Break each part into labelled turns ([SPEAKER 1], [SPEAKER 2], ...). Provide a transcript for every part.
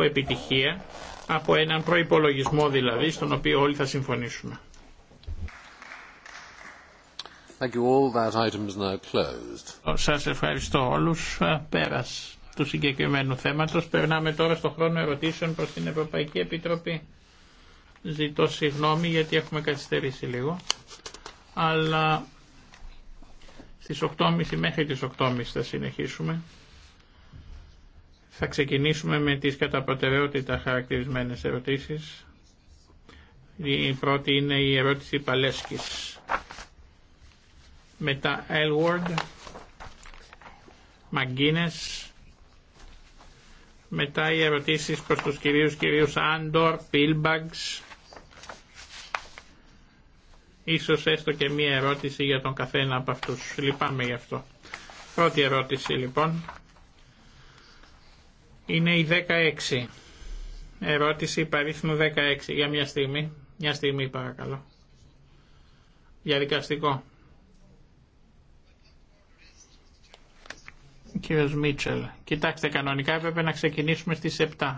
[SPEAKER 1] από επιτυχία, από έναν προϋπολογισμό δηλαδή, στον οποίο όλοι θα συμφωνήσουμε. Thank you all. That item is now closed. Σας ευχαριστώ όλους. Πέρας του συγκεκριμένου θέματος. Περνάμε τώρα στο χρόνο ερωτήσεων προς την Ευρωπαϊκή Επιτροπή. Ζητώ συγγνώμη γιατί έχουμε καθυστερήσει λίγο. Αλλά στις 8.30 μέχρι τις 8.30 θα συνεχίσουμε. Θα ξεκινήσουμε με τις κατά προτεραιότητα χαρακτηρισμένες ερωτήσεις. Η πρώτη είναι η ερώτηση Παλέσκης. Μετά Elward, Μαγκίνες, μετά οι ερωτήσεις προς τους κυρίους κυρίους Άντορ, Πίλμπαγκς, ίσως έστω και μία ερώτηση για τον καθένα από αυτούς. Λυπάμαι γι' αυτό. Πρώτη ερώτηση λοιπόν είναι η 16. Ερώτηση υπαρίθμου 16. Για μια στιγμή. Μια στιγμή παρακαλώ. Για δικαστικό. Κύριο Μίτσελ, κοιτάξτε κανονικά έπρεπε να ξεκινήσουμε στις 7.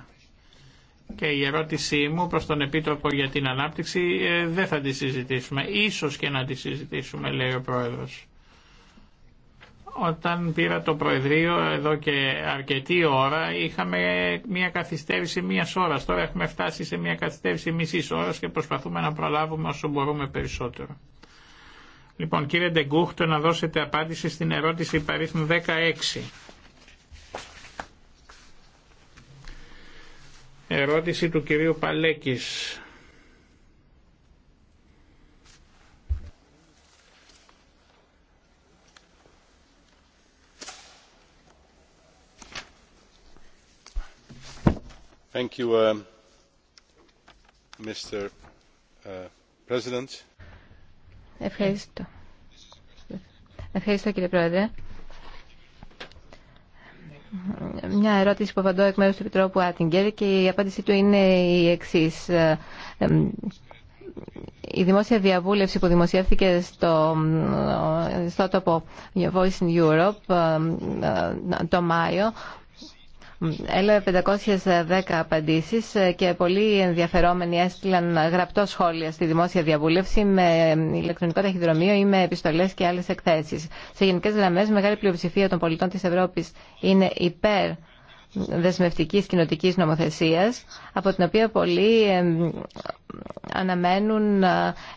[SPEAKER 1] Και η ερώτησή μου προς τον Επίτροπο για την Ανάπτυξη ε, δεν θα τη συζητήσουμε. Ίσως και να τη συζητήσουμε λέει ο Πρόεδρος. Όταν πήρα το Προεδρείο εδώ και αρκετή ώρα είχαμε μια καθυστέρηση μία ώρα. Τώρα έχουμε φτάσει σε μια καθυστέρηση μισή ώρα και προσπαθούμε να προλάβουμε όσο μπορούμε περισσότερο. Λοιπόν, κύριε Ντεγκούχτο, να δώσετε απάντηση στην ερώτηση υπαρίθμου 16. Ερώτηση του κυρίου Παλέκης.
[SPEAKER 2] Uh, uh, Ευχαριστώ. Ευχαριστώ κύριε Πρόεδρε. Μια ερώτηση που απαντώ εκ μέρους του Επιτρόπου Άτιγκερ και η απάντησή του είναι η εξής. Η δημόσια διαβούλευση που δημοσιεύθηκε στο, στο τόπο Voice in Europe το Μάιο Έλαβε 510 απαντήσεις ε, και πολλοί ενδιαφερόμενοι έστειλαν γραπτό σχόλια στη δημόσια διαβούλευση με ηλεκτρονικό ταχυδρομείο ή με επιστολές και άλλες εκθέσεις. Σε γενικές γραμμέ, μεγάλη πλειοψηφία των πολιτών της Ευρώπης είναι υπέρ δεσμευτικής κοινοτική νομοθεσίας από την οποία πολλοί αναμένουν ε,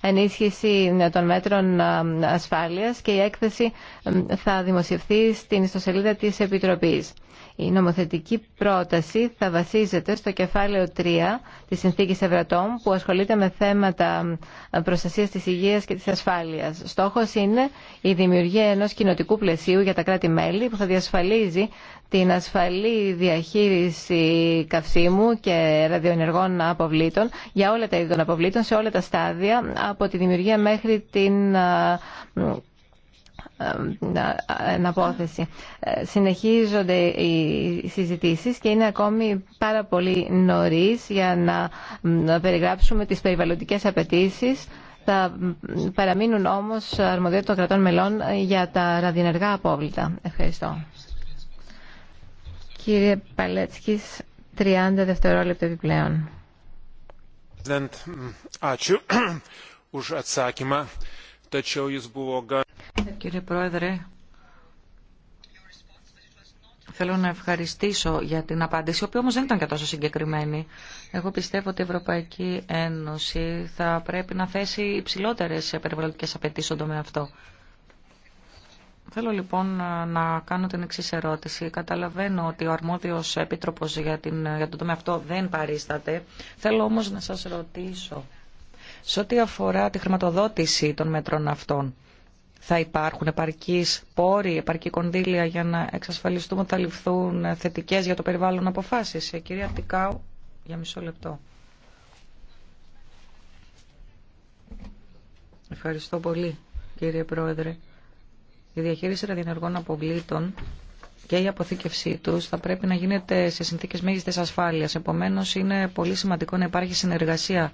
[SPEAKER 2] ενίσχυση των μέτρων ε, ασφάλειας και η έκθεση θα δημοσιευθεί στην ιστοσελίδα της Επιτροπής. Η νομοθετική πρόταση θα βασίζεται στο κεφάλαιο 3 της Συνθήκης Ευρατών που ασχολείται με θέματα προστασίας της υγείας και της ασφάλειας. Στόχος είναι η δημιουργία ενός κοινοτικού πλαισίου για τα κράτη-μέλη που θα διασφαλίζει την ασφαλή διαχείριση καυσίμου και ραδιοενεργών αποβλήτων για όλα τα είδη των αποβλήτων σε όλα τα στάδια από τη δημιουργία μέχρι την ε, ε, συνεχίζονται οι συζητήσεις και είναι ακόμη πάρα πολύ νωρίς για να περιγράψουμε τις περιβαλλοντικές απαιτήσεις θα παραμείνουν όμως αρμοδιότητα των κρατών μελών για τα ραδιενεργά απόβλητα. Ευχαριστώ. Κύριε Παλέτσκης, 30 δευτερόλεπτα επιπλέον.
[SPEAKER 1] Mm, ačiū Ευχαριστώ. Ευχαριστώ. Ευχαριστώ.
[SPEAKER 2] Κύριε Πρόεδρε,
[SPEAKER 3] θέλω να ευχαριστήσω για την απάντηση, η οποία όμως δεν ήταν και τόσο συγκεκριμένη. Εγώ πιστεύω ότι η Ευρωπαϊκή Ένωση θα πρέπει να θέσει υψηλότερες περιβαλλοντικές απαιτήσεις στον τομέα αυτό. Θέλω λοιπόν να κάνω την εξή ερώτηση. Καταλαβαίνω ότι ο αρμόδιος επίτροπος για, την, για τον τομέα αυτό δεν παρίσταται. Θέλω όμως να σας ρωτήσω σε ό,τι αφορά τη χρηματοδότηση των μέτρων αυτών θα υπάρχουν επαρκείς πόροι, επαρκή κονδύλια για να εξασφαλιστούμε ότι θα ληφθούν θετικέ για το περιβάλλον αποφάσεις. Ε, κυρία Τικάου, για μισό λεπτό. Ευχαριστώ πολύ, κύριε Πρόεδρε. Η διαχείριση ραδιενεργών αποβλήτων και η αποθήκευσή του θα πρέπει να γίνεται σε συνθήκε μέγιστη ασφάλεια. Επομένω, είναι πολύ σημαντικό να υπάρχει συνεργασία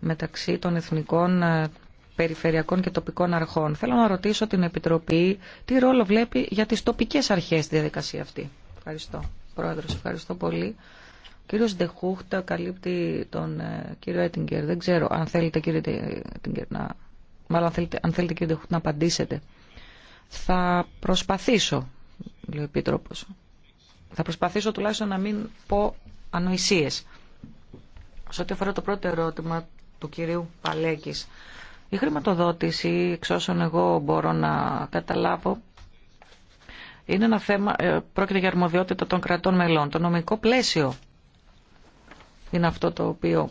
[SPEAKER 3] μεταξύ των εθνικών ε, περιφερειακών και τοπικών αρχών. Θέλω να ρωτήσω την Επιτροπή τι ρόλο βλέπει για τις τοπικές αρχές στη διαδικασία αυτή. Ευχαριστώ. Πρόεδρο, ευχαριστώ πολύ. Ο κύριος Ντεχούχτα καλύπτει τον ε, κύριο Έτιγκερ. Δεν ξέρω αν θέλετε κύριε Έτιγκερ να... Μάλλον αν θέλετε, αν θέλετε κύριε Ντεχούχτα να απαντήσετε. Θα προσπαθήσω, λέει ο επίτροπο. Θα προσπαθήσω τουλάχιστον να μην πω ανοησίε. Σε ό,τι αφορά το πρώτο ερώτημα του κυρίου Παλέκη, η χρηματοδότηση, εξ όσων εγώ μπορώ να καταλάβω, είναι ένα θέμα, ε, πρόκειται για αρμοδιότητα των κρατών μελών. Το νομικό πλαίσιο είναι αυτό το οποίο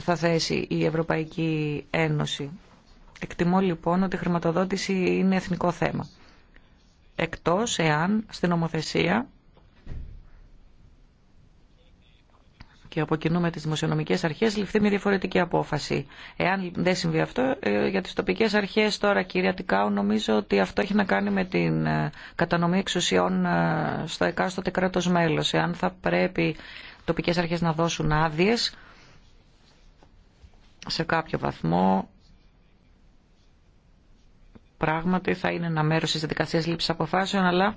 [SPEAKER 3] θα θέσει η Ευρωπαϊκή Ένωση. Εκτιμώ λοιπόν ότι η χρηματοδότηση είναι εθνικό θέμα. Εκτός εάν στην νομοθεσία και από κοινού με τις δημοσιονομικές αρχές ληφθεί μια διαφορετική απόφαση. Εάν δεν συμβεί αυτό, ε, για τις τοπικές αρχές τώρα κυρία Τικάου νομίζω ότι αυτό έχει να κάνει με την ε, κατανομή εξουσιών ε, στο εκάστοτε κράτος μέλος. Εάν θα πρέπει οι τοπικές αρχές να δώσουν άδειε σε κάποιο βαθμό πράγματι θα είναι ένα μέρος της δικασίας λήψης αποφάσεων αλλά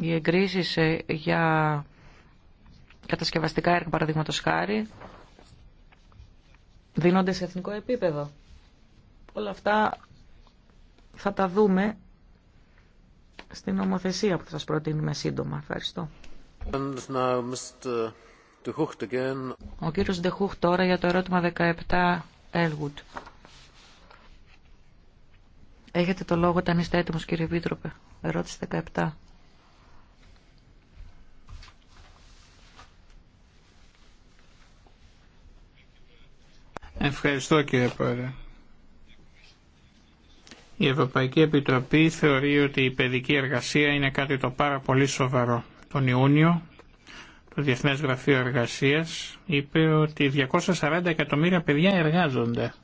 [SPEAKER 3] οι εγκρίσει ε, για κατασκευαστικά έργα, παραδείγματο χάρη, δίνονται σε εθνικό επίπεδο. Όλα αυτά θα τα δούμε στην νομοθεσία που θα σας προτείνουμε σύντομα. Ευχαριστώ. Ο κύριος Ντεχούχ τώρα για το ερώτημα 17 Έλγουτ. Έχετε το λόγο όταν είστε έτοιμος κύριε Επίτροπε. Ερώτηση 17.
[SPEAKER 1] Ευχαριστώ κύριε Πρόεδρε. Η Ευρωπαϊκή Επιτροπή θεωρεί ότι η παιδική εργασία είναι κάτι το πάρα πολύ σοβαρό. Τον Ιούνιο το Διεθνές Γραφείο Εργασίας είπε ότι 240 εκατομμύρια παιδιά εργάζονται.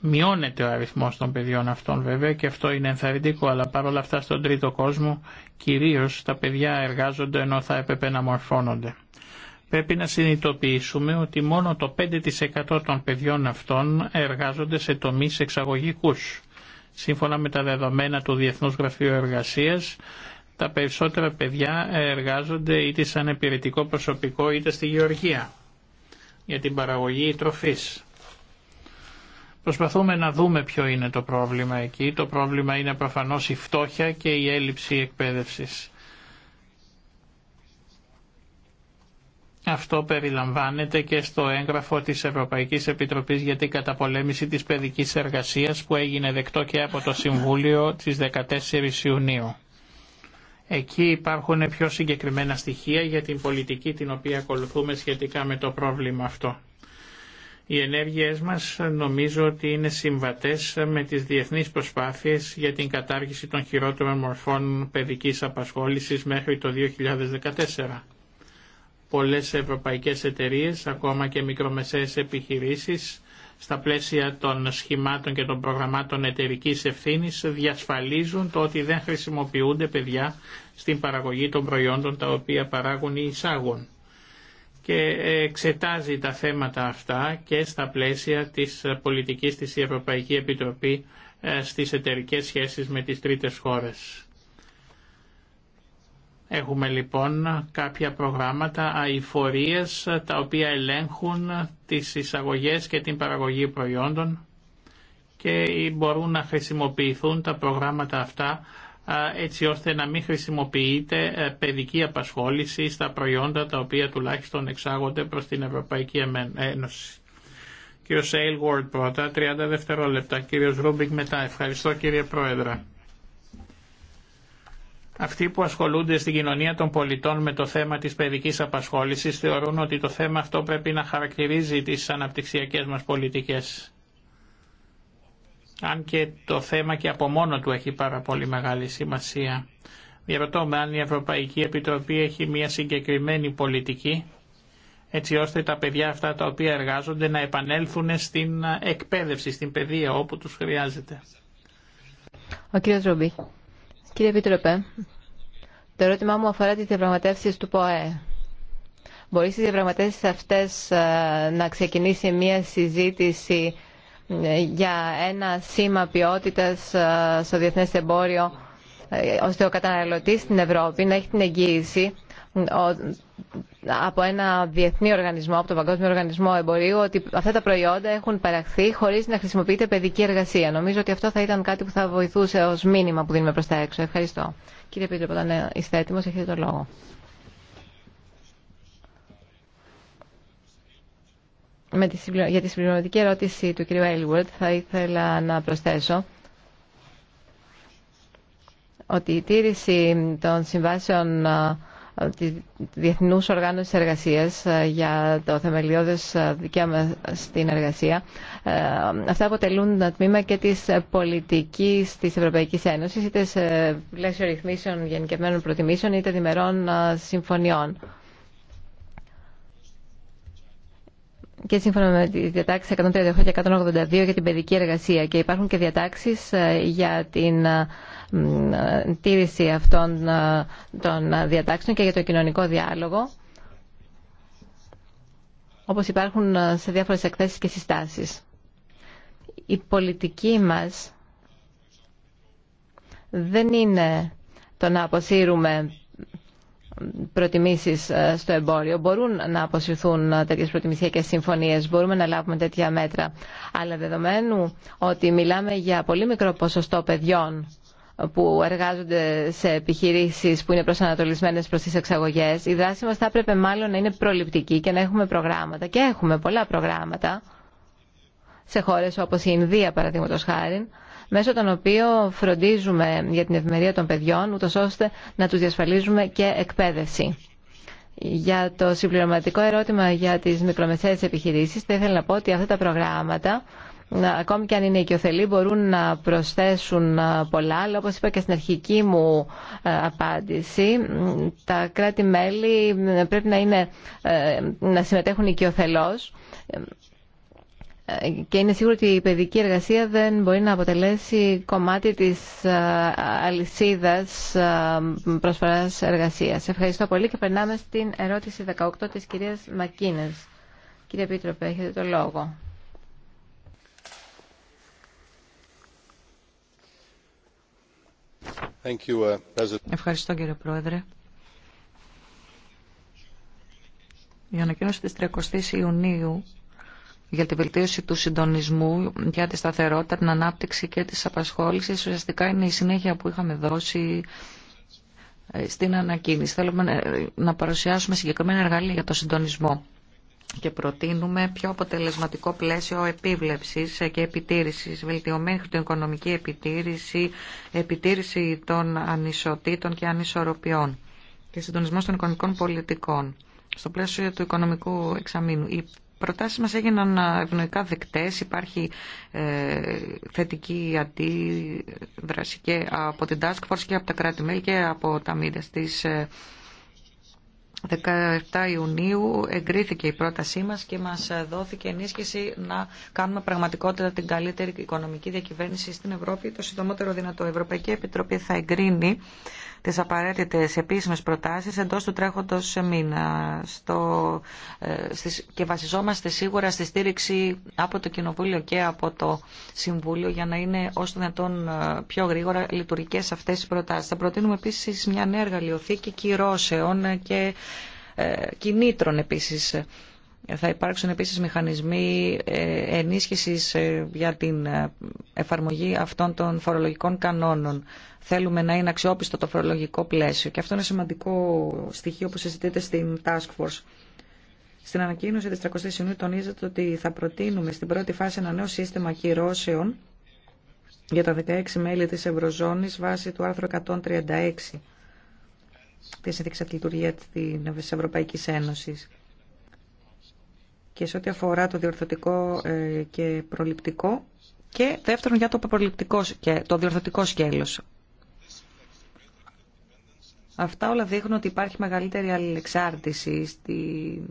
[SPEAKER 1] Μειώνεται ο αριθμός των παιδιών αυτών βέβαια και αυτό είναι ενθαρρυντικό, αλλά παρόλα αυτά στον τρίτο κόσμο κυρίως τα παιδιά εργάζονται ενώ θα έπρεπε να μορφώνονται. Πρέπει να συνειδητοποιήσουμε ότι μόνο το 5% των παιδιών αυτών εργάζονται σε τομείς εξαγωγικούς. Σύμφωνα με τα δεδομένα του Διεθνούς Γραφείου Εργασίας, τα περισσότερα παιδιά εργάζονται είτε σαν επιρρετικό προσωπικό είτε στη γεωργία για την παραγωγή τροφής. Προσπαθούμε να δούμε ποιο είναι το πρόβλημα εκεί. Το πρόβλημα είναι προφανώς η φτώχεια και η έλλειψη εκπαίδευσης. Αυτό περιλαμβάνεται και στο έγγραφο της Ευρωπαϊκής Επιτροπής για την καταπολέμηση της παιδικής εργασίας που έγινε δεκτό και από το Συμβούλιο της 14 Ιουνίου. Εκεί υπάρχουν πιο συγκεκριμένα στοιχεία για την πολιτική την οποία ακολουθούμε σχετικά με το πρόβλημα αυτό. Οι ενέργειές μας νομίζω ότι είναι συμβατές με τις διεθνείς προσπάθειες για την κατάργηση των χειρότερων μορφών παιδικής απασχόλησης μέχρι το 2014 πολλές ευρωπαϊκές εταιρείες, ακόμα και μικρομεσαίες επιχειρήσεις, στα πλαίσια των σχημάτων και των προγραμμάτων εταιρικής ευθύνης διασφαλίζουν το ότι δεν χρησιμοποιούνται παιδιά στην παραγωγή των προϊόντων τα οποία παράγουν ή εισάγουν. Και εξετάζει τα θέματα αυτά και στα πλαίσια της πολιτικής της Ευρωπαϊκή Επιτροπή ε, στις εταιρικέ σχέσεις με τις τρίτες χώρες. Έχουμε λοιπόν κάποια προγράμματα αηφορίες, τα οποία ελέγχουν τις εισαγωγές και την παραγωγή προϊόντων και μπορούν να χρησιμοποιηθούν τα προγράμματα αυτά έτσι ώστε να μην χρησιμοποιείται ε, παιδική απασχόληση στα προϊόντα τα οποία τουλάχιστον εξάγονται προς την Ευρωπαϊκή Ένωση. Κύριος Aylward πρώτα, 30 δευτερόλεπτα. Κύριος Ρούμπικ μετά. Ευχαριστώ κύριε Πρόεδρε. Αυτοί που ασχολούνται στην κοινωνία των πολιτών με το θέμα της παιδικής απασχόλησης θεωρούν ότι το θέμα αυτό πρέπει να χαρακτηρίζει τις αναπτυξιακές μας πολιτικές. Αν και το θέμα και από μόνο του έχει πάρα πολύ μεγάλη σημασία. Διαρωτώ με αν η Ευρωπαϊκή Επιτροπή έχει μια συγκεκριμένη πολιτική έτσι ώστε τα παιδιά αυτά τα οποία εργάζονται να επανέλθουν στην εκπαίδευση, στην παιδεία όπου τους χρειάζεται.
[SPEAKER 2] Κύριε Επίτροπε, το ερώτημά μου αφορά τις διαπραγματεύσεις του ΠΟΕ. Μπορεί στις διαπραγματεύσεις αυτές ε, να ξεκινήσει μια συζήτηση ε, για ένα σήμα ποιότητας ε, στο διεθνές εμπόριο ώστε ο καταναλωτής στην Ευρώπη να έχει την εγγύηση από ένα διεθνή οργανισμό, από τον Παγκόσμιο Οργανισμό Εμπορίου, ότι αυτά τα προϊόντα έχουν παραχθεί χωρί να χρησιμοποιείται παιδική εργασία. Νομίζω ότι αυτό θα ήταν κάτι που θα βοηθούσε ω μήνυμα που δίνουμε προ τα έξω. Ευχαριστώ. Κύριε Πίτρο, όταν ε, είστε έτοιμο, έχετε το λόγο. Με τη συμπληρω... Για τη συμπληρωματική ερώτηση του κ. Έλγουρτ θα ήθελα να προσθέσω ότι η τήρηση των συμβάσεων ε, τη Διεθνούς Οργάνωσης Εργασίας ε, για το θεμελιώδες ε, δικαίωμα στην εργασία. Αυτά αποτελούν ένα τμήμα και της πολιτικής της Ευρωπαϊκής Ένωσης, είτε σε πλαίσιο ρυθμίσεων γενικευμένων προτιμήσεων, είτε διμερών συμφωνιών. και σύμφωνα με τη διατάξει 138 και 182 για την παιδική εργασία και υπάρχουν και διατάξεις ε, για την ε, ε, τήρηση αυτών των διατάξεων και για το κοινωνικό διάλογο όπως υπάρχουν σε διάφορες εκθέσεις και συστάσεις. Η πολιτική μας δεν είναι το να αποσύρουμε προτιμήσεις ε, στο εμπόριο. Μπορούν να αποσυρθούν ε, τέτοιες προτιμησιακές συμφωνίες, μπορούμε να λάβουμε τέτοια μέτρα. Αλλά δεδομένου ότι μιλάμε για πολύ μικρό ποσοστό παιδιών ε, που εργάζονται σε επιχειρήσεις που είναι προσανατολισμένες προς τις εξαγωγές, η δράση μας θα έπρεπε μάλλον να είναι προληπτική και να έχουμε προγράμματα. Και έχουμε πολλά προγράμματα σε χώρες όπως η Ινδία, παραδείγματος χάρη, μέσω των οποίων φροντίζουμε για την ευημερία των παιδιών, ούτω ώστε να του διασφαλίζουμε και εκπαίδευση. Για το συμπληρωματικό ερώτημα για τι μικρομεσαίες επιχειρήσει, θα ήθελα να πω ότι αυτά τα προγράμματα ακόμη και αν είναι οικειοθελή, μπορούν να προσθέσουν πολλά, αλλά όπω είπα και στην αρχική μου απάντηση, τα κράτη-μέλη πρέπει να, είναι, ε, να συμμετέχουν οικειοθελώ και είναι σίγουρο ότι η παιδική εργασία δεν μπορεί να αποτελέσει κομμάτι της ε, αλυσίδας ε, προσφοράς εργασίας. Ευχαριστώ πολύ και περνάμε στην ερώτηση 18 της κυρίας Μακίνες. Κύριε Επίτροπε, έχετε το λόγο. Uh, Ευχαριστώ κύριε Πρόεδρε.
[SPEAKER 3] Η ανακοίνωση της 30 Ιουνίου για τη βελτίωση του συντονισμού, για τη σταθερότητα, την ανάπτυξη και τις απασχόληση, ουσιαστικά είναι η συνέχεια που είχαμε δώσει ε, στην ανακοίνηση. Θέλουμε ε, να παρουσιάσουμε συγκεκριμένα εργαλεία για το συντονισμό και προτείνουμε πιο αποτελεσματικό πλαίσιο επίβλεψης ε, και επιτήρησης, βελτιωμένη χρηματοοικονομική επιτήρηση, επιτήρηση των ανισοτήτων και ανισορροπιών και συντονισμό των οικονομικών πολιτικών. Στο πλαίσιο του οικονομικού εξαμήνου, προτάσεις μας έγιναν ε, ευνοϊκά δεκτές, υπάρχει ε, θετική αντίδραση και από την Task Force και από τα κράτη-μέλη και από τα μίδια στις 17 ε, Ιουνίου εγκρίθηκε η πρότασή μας και μας δόθηκε ενίσχυση να κάνουμε πραγματικότητα την καλύτερη οικονομική διακυβέρνηση στην Ευρώπη το συντομότερο δυνατό. Η Ευρωπαϊκή Επιτροπή θα εγκρίνει τις απαραίτητες επίσημες προτάσεις εντός του τρέχοντος μήνα στο, ε, και βασιζόμαστε σίγουρα στη στήριξη από το Κοινοβούλιο και από το Συμβούλιο για να είναι όσο δυνατόν ε, πιο γρήγορα λειτουργικές αυτές οι προτάσεις. Θα προτείνουμε επίσης μια νέα εργαλειοθήκη κυρώσεων και ε, κινήτρων επίσης. Θα υπάρξουν επίσης μηχανισμοί ενίσχυσης για την εφαρμογή αυτών των φορολογικών κανόνων. Θέλουμε να είναι αξιόπιστο το φορολογικό πλαίσιο και αυτό είναι σημαντικό στοιχείο που συζητείται στην Task Force. Στην ανακοίνωση τη 30 Ιουνίου τονίζεται ότι θα προτείνουμε στην πρώτη φάση ένα νέο σύστημα κυρώσεων για τα 16 μέλη της Ευρωζώνης βάσει του άρθρου 136 της Συνθήκης Λειτουργία της Ευρωπαϊκής Ένωσης. Και σε ό,τι αφορά το διορθωτικό ε, και προληπτικό και δεύτερον για το προληπτικό και το διορθωτικό σκέλος. Αυτά όλα δείχνουν ότι υπάρχει μεγαλύτερη αλληλεξάρτηση στη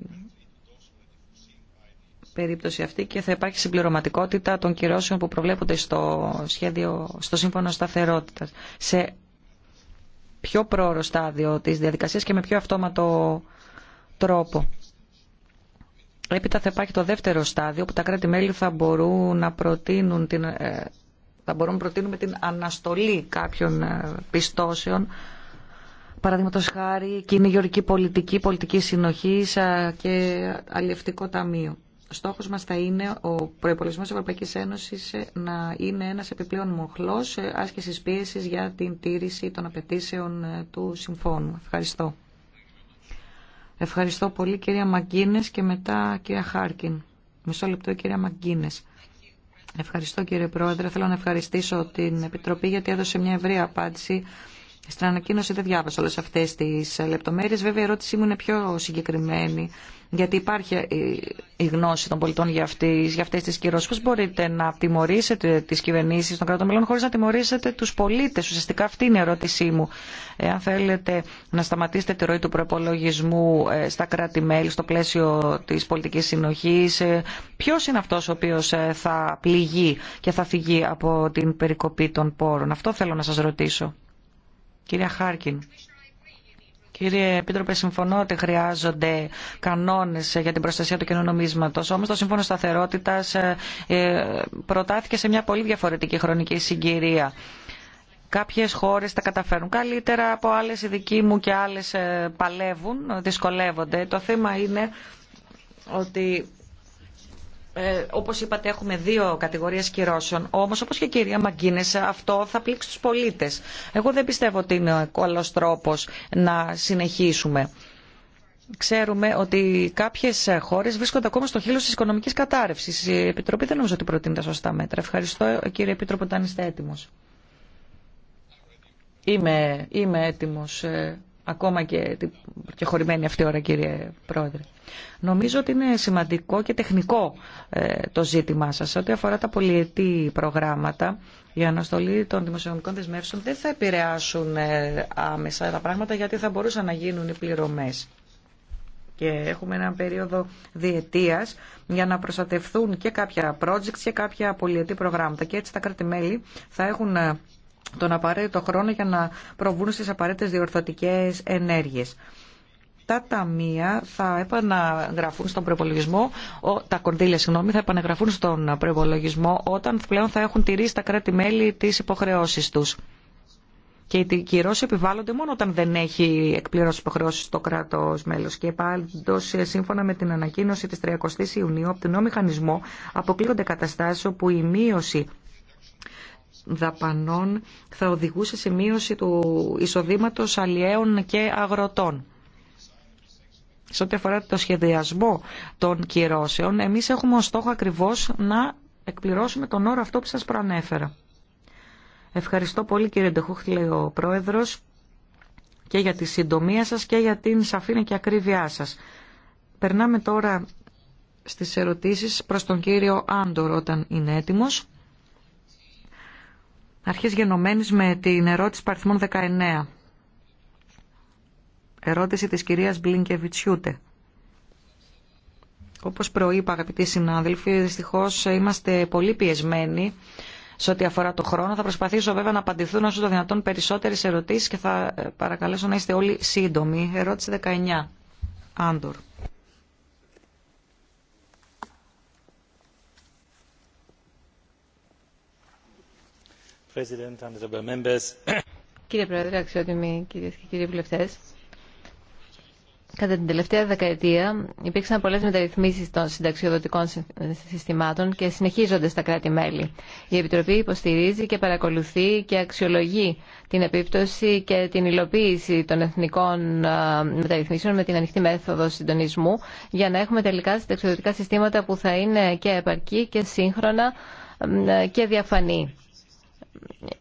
[SPEAKER 3] περίπτωση αυτή και θα υπάρχει συμπληρωματικότητα των κυρώσεων που προβλέπονται στο, σχέδιο, στο Σύμφωνο Σταθερότητας σε πιο πρόωρο στάδιο της διαδικασίας και με πιο αυτόματο τρόπο. Έπειτα θα υπάρχει το δεύτερο στάδιο που τα κράτη-μέλη θα μπορούν να προτείνουν την, ε, μπορούν την αναστολή κάποιων ε, πιστώσεων Παραδείγματο χάρη, κοινή πολιτική, πολιτική συνοχή και αλληλευτικό ταμείο. Στόχος μας θα είναι ο προϋπολογισμός της Ευρωπαϊκής Ένωσης ε, να είναι ένας επιπλέον μοχλός ε, άσκησης πίεσης για την τήρηση των απαιτήσεων ε, του συμφώνου. Ευχαριστώ. Ευχαριστώ πολύ κυρία Μαγκίνες και μετά κυρία Χάρκιν. Μισό λεπτό κυρία Μαγκίνες. Ευχαριστώ κύριε Πρόεδρε. Θέλω να ευχαριστήσω την Επιτροπή γιατί έδωσε μια ευρία απάντηση στην ανακοίνωση δεν διάβασα όλε αυτέ τι λεπτομέρειε, Βέβαια η ερώτησή μου είναι πιο συγκεκριμένη, γιατί υπάρχει η γνώση των πολιτών για, αυτές, για αυτές τις κυρώσεις. μπορείτε να τιμωρήσετε τι κυβερνήσει των κρατών μελών χωρίς να τιμωρήσετε του πολίτε, Ουσιαστικά αυτή είναι η ερώτησή μου. Εάν θέλετε να σταματήσετε τη ροή του προπολογισμού ε, στα κράτη-μέλη, στο πλαίσιο τη πολιτική συνοχή. Ε, Ποιο είναι αυτό ο οποίο ε, θα πληγεί και θα φυγεί από την περικοπή των πόρων. Αυτό θέλω να σα ρωτήσω. Κύριε Χάρκιν. Κύριε Επίτροπε, συμφωνώ ότι χρειάζονται κανόνε για την προστασία του κοινού νομίσματο. Όμω το Σύμφωνο Σταθερότητα ε, ε, προτάθηκε σε μια πολύ διαφορετική χρονική συγκυρία. Κάποιε χώρε τα καταφέρνουν καλύτερα από άλλε, οι δικοί μου και άλλε ε, παλεύουν, δυσκολεύονται. Το θέμα είναι ότι ε, όπως είπατε έχουμε δύο κατηγορίες κυρώσεων, όμως όπως και η κυρία Μαγκίνεσα αυτό θα πλήξει τους πολίτες. Εγώ δεν πιστεύω ότι είναι ο καλός τρόπος να συνεχίσουμε. Ξέρουμε ότι κάποιες χώρες βρίσκονται ακόμα στο χείλος της οικονομικής κατάρρευσης. Η Επιτροπή δεν νομίζω ότι προτείνει τα σωστά μέτρα. Ευχαριστώ κύριε Επίτροπο, όταν είστε έτοιμος. Είμαι, είμαι έτοιμος. Ε, ακόμα και, και αυτή η ώρα κύριε Πρόεδρε. Νομίζω ότι είναι σημαντικό και τεχνικό ε, το ζήτημά σας ό,τι αφορά τα πολιετή προγράμματα. Η αναστολή των δημοσιονομικών δεσμεύσεων δεν θα επηρεάσουν ε, άμεσα τα πράγματα γιατί θα μπορούσαν να γίνουν οι πληρωμές. Και έχουμε έναν περίοδο διετίας για να προστατευθούν και κάποια projects και κάποια πολιετή προγράμματα. Και έτσι τα κράτη-μέλη θα έχουν ε, τον απαραίτητο χρόνο για να προβούν στις απαραίτητες διορθωτικές ενέργειες. Τα ταμεία θα επαναγραφούν στον προπολογισμό, τα κονδύλια συγγνώμη, θα επαναγραφούν στον προπολογισμό όταν πλέον θα έχουν τηρήσει τα κράτη-μέλη τις υποχρεώσεις τους. Και οι κυρώσει επιβάλλονται μόνο όταν δεν έχει εκπληρώσει υποχρεώσει το κράτο μέλο. Και πάντω, σύμφωνα με την ανακοίνωση τη 30η Ιουνίου, από τον νέο μηχανισμό αποκλείονται καταστάσει όπου η μείωση δαπανών θα οδηγούσε σε μείωση του εισοδήματος αλλιέων και αγροτών. Σε ό,τι αφορά το σχεδιασμό των κυρώσεων, εμείς έχουμε ως στόχο ακριβώς να εκπληρώσουμε τον όρο αυτό που σας προανέφερα. Ευχαριστώ πολύ κύριε Ντεχούχτ, ο Πρόεδρος, και για τη συντομία σας και για την σαφήνεια και ακρίβειά σας. Περνάμε τώρα στις ερωτήσεις προς τον κύριο Άντορ όταν είναι έτοιμος αρχής γενομένης με την ερώτηση παριθμών 19. Ερώτηση της κυρίας Μπλίνκεβιτσιούτε. Όπως προείπα αγαπητοί συνάδελφοι, δυστυχώς είμαστε πολύ πιεσμένοι σε ό,τι αφορά το χρόνο. Θα προσπαθήσω βέβαια να απαντηθούν όσο το δυνατόν περισσότερες ερωτήσεις και θα παρακαλέσω να είστε όλοι σύντομοι. Ερώτηση 19. Άντορ.
[SPEAKER 2] Κύριε Πρόεδρε, αξιότιμοι κυρίες και κύριοι βουλευτές, Κατά την τελευταία δεκαετία υπήρξαν πολλές μεταρρυθμίσεις των συνταξιοδοτικών συστημάτων και συνεχίζονται στα κράτη-μέλη. Η Επιτροπή υποστηρίζει και παρακολουθεί και αξιολογεί την επίπτωση και την υλοποίηση των εθνικών μεταρρυθμίσεων με την ανοιχτή μέθοδο συντονισμού για να έχουμε τελικά συνταξιοδοτικά συστήματα που θα είναι και επαρκή και σύγχρονα και διαφανή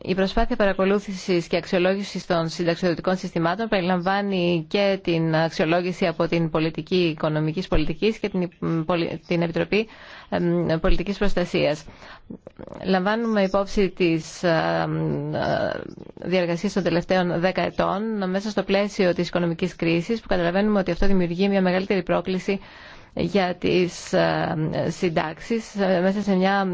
[SPEAKER 2] η προσπάθεια παρακολούθησης και αξιολόγησης των συνταξιδοτικών συστημάτων περιλαμβάνει και την αξιολόγηση από την πολιτική οικονομικής πολιτικής και την Επιτροπή Πολιτικής Προστασίας. Λαμβάνουμε υπόψη τις διαργασίε των τελευταίων δέκα ετών μέσα στο πλαίσιο της οικονομικής κρίσης που καταλαβαίνουμε ότι αυτό δημιουργεί μια μεγαλύτερη πρόκληση για τις ε, συντάξεις ε, μέσα σε μια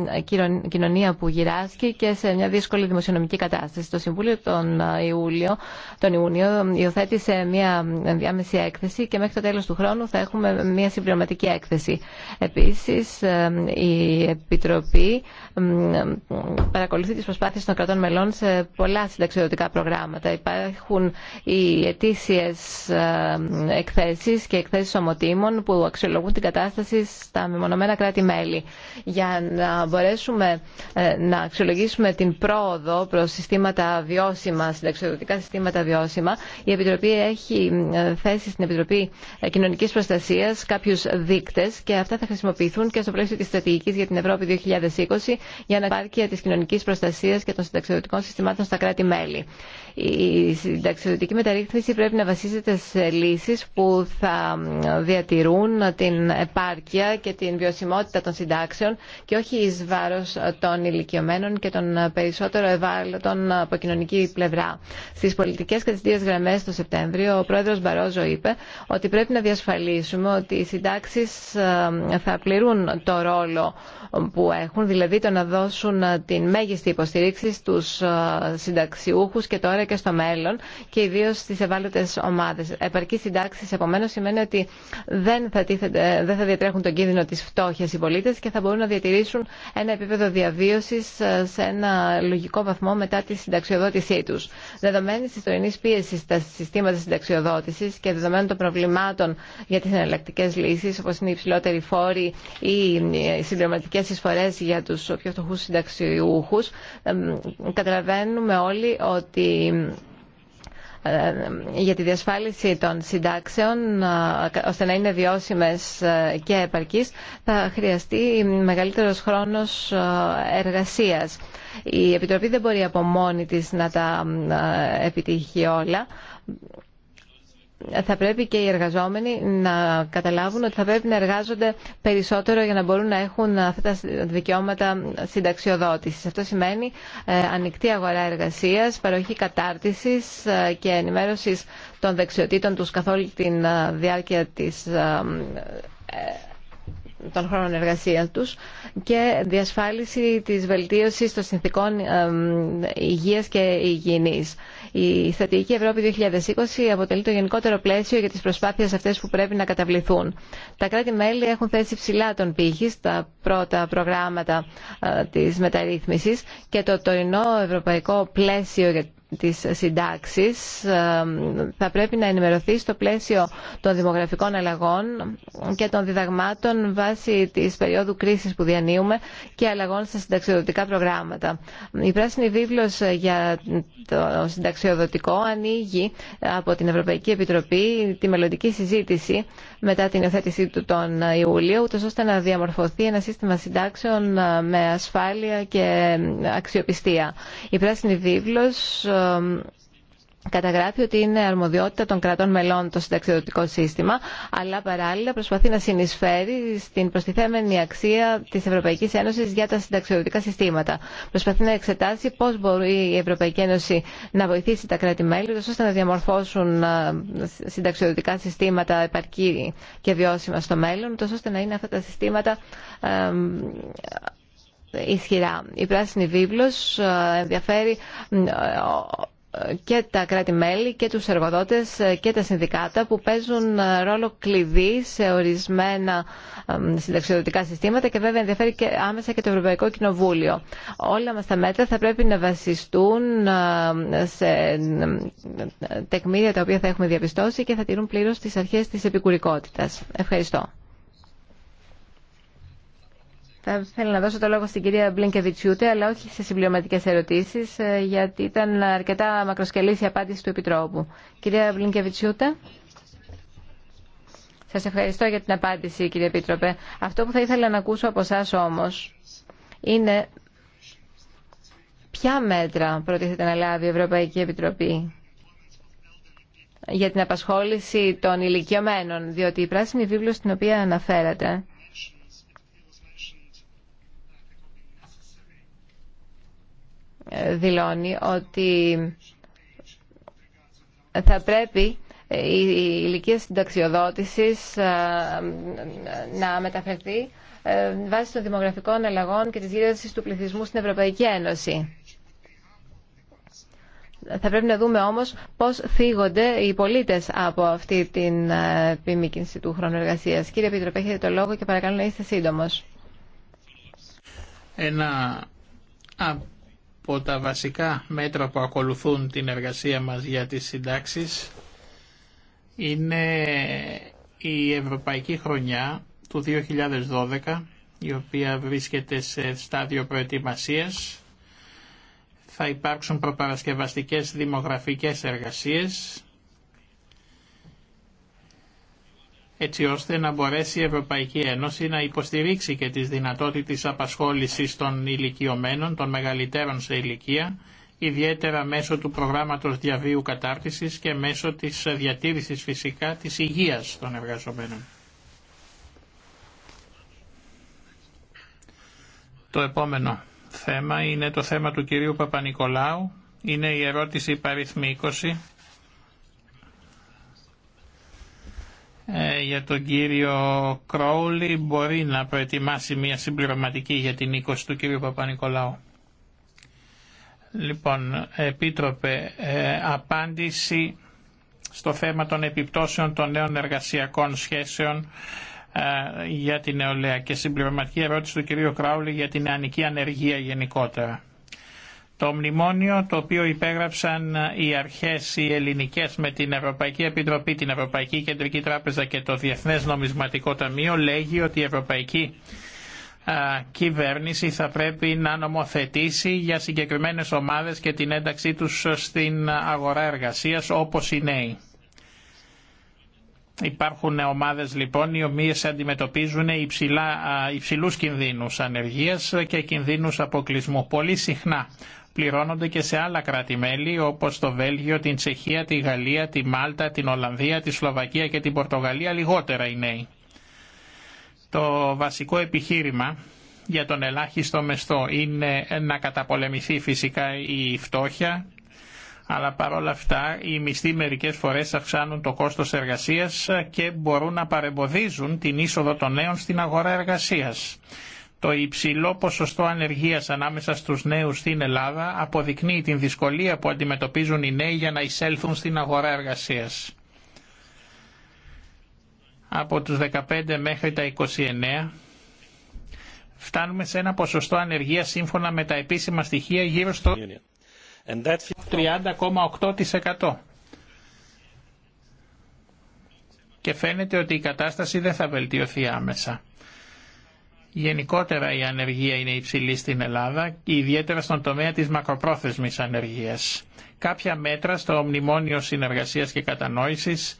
[SPEAKER 2] κοινωνία που γυράσκει και σε μια δύσκολη δημοσιονομική κατάσταση. Το Συμβούλιο τον, ε, Ιούλιο, τον Ιούνιο υιοθέτησε μια διάμεση έκθεση και μέχρι το τέλος του χρόνου θα έχουμε μια συμπληρωματική έκθεση. Επίσης η Επιτροπή παρακολουθεί τις προσπάθειες των κρατών μελών σε πολλά συνταξιδοτικά προγράμματα. Υπάρχουν οι ετήσιες εκθέσεις και εκθέσεις ομοτήμων που αξιολογούν την κατάσταση στα μεμονωμένα κράτη-μέλη. Για να μπορέσουμε ε, να αξιολογήσουμε την πρόοδο προ συστήματα βιώσιμα, συνταξιοδοτικά συστήματα βιώσιμα, η Επιτροπή έχει ε, θέσει στην Επιτροπή ε, Κοινωνικής Προστασίας κάποιους δείκτε και αυτά θα χρησιμοποιηθούν και στο πλαίσιο τη Στρατηγική για την Ευρώπη 2020 για να και της κοινωνικής προστασίας και των συνταξιοδοτικών συστημάτων στα κράτη-μέλη. Η συνταξιδοτική μεταρρύθμιση πρέπει να βασίζεται σε λύσεις που θα διατηρούν την επάρκεια και την βιωσιμότητα των συντάξεων και όχι εις βάρος των ηλικιωμένων και των περισσότερο ευάλωτων από κοινωνική πλευρά. Στις πολιτικές κατηστήρες γραμμές το Σεπτέμβριο ο πρόεδρος Μπαρόζο είπε ότι πρέπει να διασφαλίσουμε ότι οι συντάξεις ε, θα πληρούν το ρόλο που έχουν, δηλαδή το να δώσουν την μέγιστη υποστηρίξη στους ε, συνταξιούχους και τώρα και στο μέλλον και ιδίω στι ευάλωτε ομάδε. Επαρκή συντάξη επομένω, σημαίνει ότι δεν θα, δεν θα διατρέχουν τον κίνδυνο τη φτώχεια οι πολίτε και θα μπορούν να διατηρήσουν ένα επίπεδο διαβίωση ε, σε ένα λογικό βαθμό μετά τη συνταξιοδότησή του. Δεδομένη τη τωρινή πίεση στα συστήματα συνταξιοδότηση και δεδομένων των προβλημάτων για τι εναλλακτικέ λύσει, όπω είναι οι υψηλότεροι φόροι ή οι συμπληρωματικέ εισφορέ για του πιο φτωχού συνταξιούχου, καταλαβαίνουμε όλοι ότι ε, για τη διασφάλιση των συντάξεων ε, ώστε να είναι βιώσιμες ε, και επαρκείς θα χρειαστεί μεγαλύτερος χρόνος εργασίας. Η Επιτροπή δεν μπορεί από μόνη της να τα επιτύχει όλα θα πρέπει και οι εργαζόμενοι να καταλάβουν ότι θα πρέπει να εργάζονται περισσότερο για να μπορούν να έχουν αυτά τα δικαιώματα συνταξιοδότηση. Αυτό σημαίνει ε, ανοιχτή αγορά εργασίας, παροχή κατάρτισης ε, και ενημέρωσης των δεξιοτήτων τους καθ' όλη τη ε, διάρκεια της των χρόνων εργασίας τους και διασφάλιση της βελτίωσης των συνθήκων υγείας και υγιεινής. Η Στρατηγική Ευρώπη 2020 αποτελεί το γενικότερο πλαίσιο για τις προσπάθειες αυτές που πρέπει να καταβληθούν. Τα κράτη-μέλη έχουν θέσει ψηλά τον πύχη στα πρώτα προγράμματα ε, της μεταρρύθμισης και το τωρινό ευρωπαϊκό πλαίσιο για της συντάξεις θα πρέπει να ενημερωθεί στο πλαίσιο των δημογραφικών αλλαγών και των διδαγμάτων βάσει της περίοδου κρίσης που διανύουμε και αλλαγών στα συνταξιοδοτικά προγράμματα. Η πράσινη βίβλος για το συνταξιοδοτικό ανοίγει από την Ευρωπαϊκή Επιτροπή τη μελλοντική συζήτηση μετά την υιοθέτησή του τον Ιούλιο, ούτως ώστε να διαμορφωθεί ένα σύστημα συντάξεων με ασφάλεια και αξιοπιστία. Η πράσινη βίβλος καταγράφει ότι είναι αρμοδιότητα των κρατών μελών το συνταξιδοτικό σύστημα, αλλά παράλληλα προσπαθεί να συνεισφέρει στην προστιθέμενη αξία της Ευρωπαϊκής Ένωση για τα συνταξιδοτικά συστήματα. Προσπαθεί να εξετάσει πώς μπορεί η Ευρωπαϊκή Ένωση να βοηθήσει τα κράτη-μέλη, ώστε να διαμορφώσουν ε, συνταξιδοτικά συστήματα επαρκή και βιώσιμα στο μέλλον, ώστε να είναι αυτά τα συστήματα ισχυρά. Η Πράσινη Βίβλος ε, ενδιαφέρει ε, και τα κράτη-μέλη και τους εργοδότες ε, και τα συνδικάτα που παίζουν ρόλο κλειδί σε ορισμένα συνταξιοδοτικά συστήματα και βέβαια ενδιαφέρει και άμεσα και το Ευρωπαϊκό Κοινοβούλιο. Όλα μας τα μέτρα θα πρέπει να βασιστούν σε τεκμήρια τα οποία θα έχουμε διαπιστώσει και θα τηρούν πλήρως τις αρχές της επικουρικότητας. Ευχαριστώ. Θα ήθελα να δώσω το λόγο στην κυρία Μπλίνκεβιτσιούτε, αλλά όχι σε συμπληρωματικέ ερωτήσει, ε, γιατί ήταν αρκετά μακροσκελή η απάντηση του Επιτρόπου. Κυρία Μπλίνκεβιτσιούτε. Σα ευχαριστώ για την απάντηση, κύριε Επίτροπε. Αυτό που θα ήθελα να ακούσω από εσά όμω είναι ποια μέτρα προτίθεται να λάβει η Ευρωπαϊκή Επιτροπή για την απασχόληση των ηλικιωμένων, διότι η πράσινη βίβλος στην οποία αναφέρατε δηλώνει ότι θα πρέπει η ηλικία συνταξιοδότησης ε, να μεταφερθεί ε, βάσει των δημογραφικών αλλαγών και της γύρωσης του πληθυσμού στην Ευρωπαϊκή Ένωση. Θα πρέπει να δούμε όμως πώς φύγονται οι πολίτες από αυτή την ε, επιμήκυνση του χρόνου εργασίας. Κύριε Επιτροπέ, έχετε το λόγο και παρακαλώ να είστε σύντομος.
[SPEAKER 1] Ένα από τα βασικά μέτρα που ακολουθούν την εργασία μας για τις συντάξεις είναι η Ευρωπαϊκή Χρονιά του 2012 η οποία βρίσκεται σε στάδιο προετοιμασίας. Θα υπάρξουν προπαρασκευαστικές δημογραφικές εργασίες έτσι ώστε να μπορέσει η Ευρωπαϊκή Ένωση να υποστηρίξει και τις δυνατότητες απασχόλησης των ηλικιωμένων, των μεγαλύτερων σε ηλικία, ιδιαίτερα μέσω του προγράμματος διαβίου κατάρτισης και μέσω της διατήρησης φυσικά της υγείας των εργαζομένων. Το επόμενο θέμα είναι το θέμα του κυρίου Παπανικολάου. Είναι η ερώτηση υπαριθμή Ε, για τον κύριο Κρόουλη μπορεί να προετοιμάσει μια συμπληρωματική για την οίκοση του κύριου Παπα-Νικολάου. Λοιπόν, Επίτροπε, ε, απάντηση στο θέμα των επιπτώσεων των νέων εργασιακών σχέσεων ε, για την νεολαία και συμπληρωματική ερώτηση του κυρίου Κράουλη για την ανική ανεργία γενικότερα. Το μνημόνιο το οποίο υπέγραψαν ε, οι αρχές οι ελληνικές με την Ευρωπαϊκή Επιτροπή, την Ευρωπαϊκή Κεντρική Τράπεζα και το Διεθνές Νομισματικό Ταμείο λέγει ότι η Ευρωπαϊκή ε, κυβέρνηση θα πρέπει να νομοθετήσει για συγκεκριμένες ομάδες και την ένταξή τους στην αγορά εργασίας όπως οι νέοι. Υπάρχουν ομάδες λοιπόν οι οποίες αντιμετωπίζουν υψηλά, ε, υψηλούς κινδύνους ανεργίας και κινδύνους αποκλεισμού. Πολύ συχνά πληρώνονται και σε άλλα κράτη-μέλη όπως το Βέλγιο, την Τσεχία, τη Γαλλία, τη Μάλτα, την Ολλανδία, τη Σλοβακία και την Πορτογαλία λιγότερα οι νέοι. Το βασικό επιχείρημα για τον ελάχιστο μεστό είναι να καταπολεμηθεί φυσικά η φτώχεια αλλά παρόλα αυτά οι μισθοί μερικές φορές αυξάνουν το κόστος εργασίας και μπορούν να παρεμποδίζουν την είσοδο των νέων στην αγορά εργασίας. Το υψηλό ποσοστό ανεργίας ανάμεσα στους νέους στην Ελλάδα αποδεικνύει την δυσκολία που αντιμετωπίζουν οι νέοι για να εισέλθουν στην αγορά εργασίας. Από τους 15 μέχρι τα 29 φτάνουμε σε ένα ποσοστό ανεργίας σύμφωνα με τα επίσημα στοιχεία γύρω στο 30,8%. Και φαίνεται ότι η κατάσταση δεν θα βελτιωθεί άμεσα. Γενικότερα η ανεργία είναι υψηλή στην Ελλάδα, ιδιαίτερα στον τομέα της μακροπρόθεσμης ανεργίας. Κάποια μέτρα στο Μνημόνιο Συνεργασίας και Κατανόησης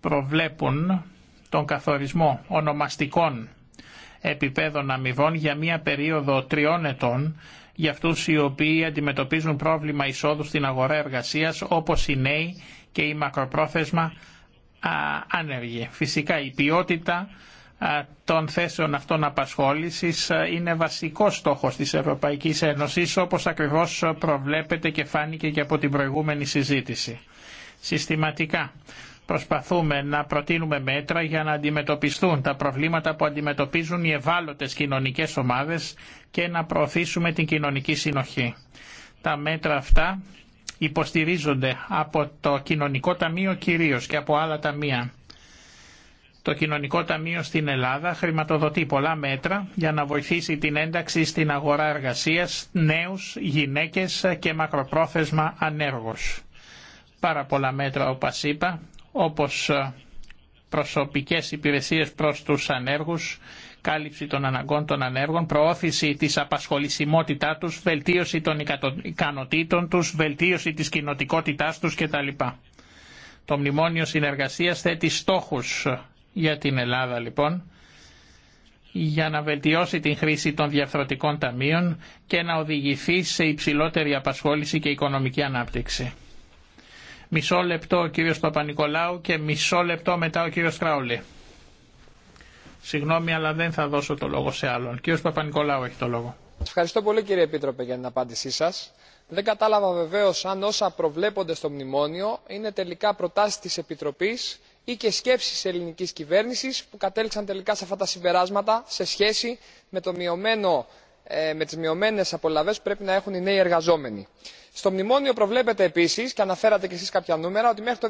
[SPEAKER 1] προβλέπουν τον καθορισμό ονομαστικών επιπέδων αμοιβών για μία περίοδο τριών ετών για αυτούς οι οποίοι αντιμετωπίζουν πρόβλημα εισόδου στην αγορά εργασίας όπως οι νέοι και οι μακροπρόθεσμα άνεργοι. Φυσικά η ποιότητα των θέσεων αυτών απασχόλησης είναι βασικός στόχος της Ευρωπαϊκής Ένωσης όπως ακριβώς προβλέπεται και φάνηκε και από την προηγούμενη συζήτηση. Συστηματικά προσπαθούμε να προτείνουμε μέτρα για να αντιμετωπιστούν τα προβλήματα που αντιμετωπίζουν οι ευάλωτες κοινωνικές ομάδες και να προωθήσουμε την κοινωνική συνοχή. Τα μέτρα αυτά υποστηρίζονται από το Κοινωνικό Ταμείο κυρίως και από άλλα ταμεία το Κοινωνικό Ταμείο στην Ελλάδα χρηματοδοτεί πολλά μέτρα για να βοηθήσει την ένταξη στην αγορά εργασίας νέους, γυναίκες και μακροπρόθεσμα ανέργους. Πάρα πολλά μέτρα όπως είπα, όπως ε, προσωπικές υπηρεσίες προς τους ανέργους, κάλυψη των αναγκών των ανέργων, προώθηση της απασχολησιμότητά τους, βελτίωση των ικανοτήτων τους, βελτίωση της κοινοτικότητάς τους κτλ. Το Μνημόνιο Συνεργασίας θέτει στόχους για την Ελλάδα λοιπόν για να βελτιώσει την χρήση των διαφθορτικών ταμείων και να οδηγηθεί σε υψηλότερη απασχόληση και οικονομική ανάπτυξη. Μισό λεπτό ο κύριος Παπα-Νικολάου και μισό λεπτό μετά ο κύριος Κράουλη. Συγγνώμη αλλά δεν θα δώσω το λόγο σε άλλον. Κύριος Παπα-Νικολάου έχει το λόγο. Σας ευχαριστώ πολύ κύριε Επίτροπε για την απάντησή σας. Δεν κατάλαβα βεβαίως αν όσα προβλέπονται στο μνημόνιο είναι τελικά προτάσεις της Επιτροπής ή και σκέψεις ελληνικής κυβέρνησης που κατέληξαν τελικά σε αυτά τα συμπεράσματα σε σχέση με, το μειωμένο, ε, με τις μειωμένες απολαβές που πρέπει να έχουν οι νέοι εργαζόμενοι. Στο μνημόνιο προβλέπετε επίσης, και αναφέρατε κι εσείς κάποια νούμερα, ότι μέχρι το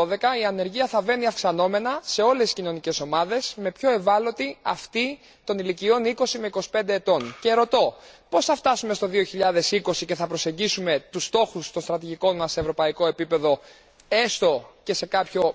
[SPEAKER 1] 2012 η ανεργία θα βαίνει αυξανόμενα σε όλες τις κοινωνικές ομάδες, με πιο ευάλωτη αυτή των ηλικιών 20 με 25 ετών. Και ρωτώ, πώς θα φτάσουμε στο 2020 και θα προσεγγίσουμε τους στόχους των στρατηγικών μας σε ευρωπαϊκό επίπεδο, έστω και σε κάποιο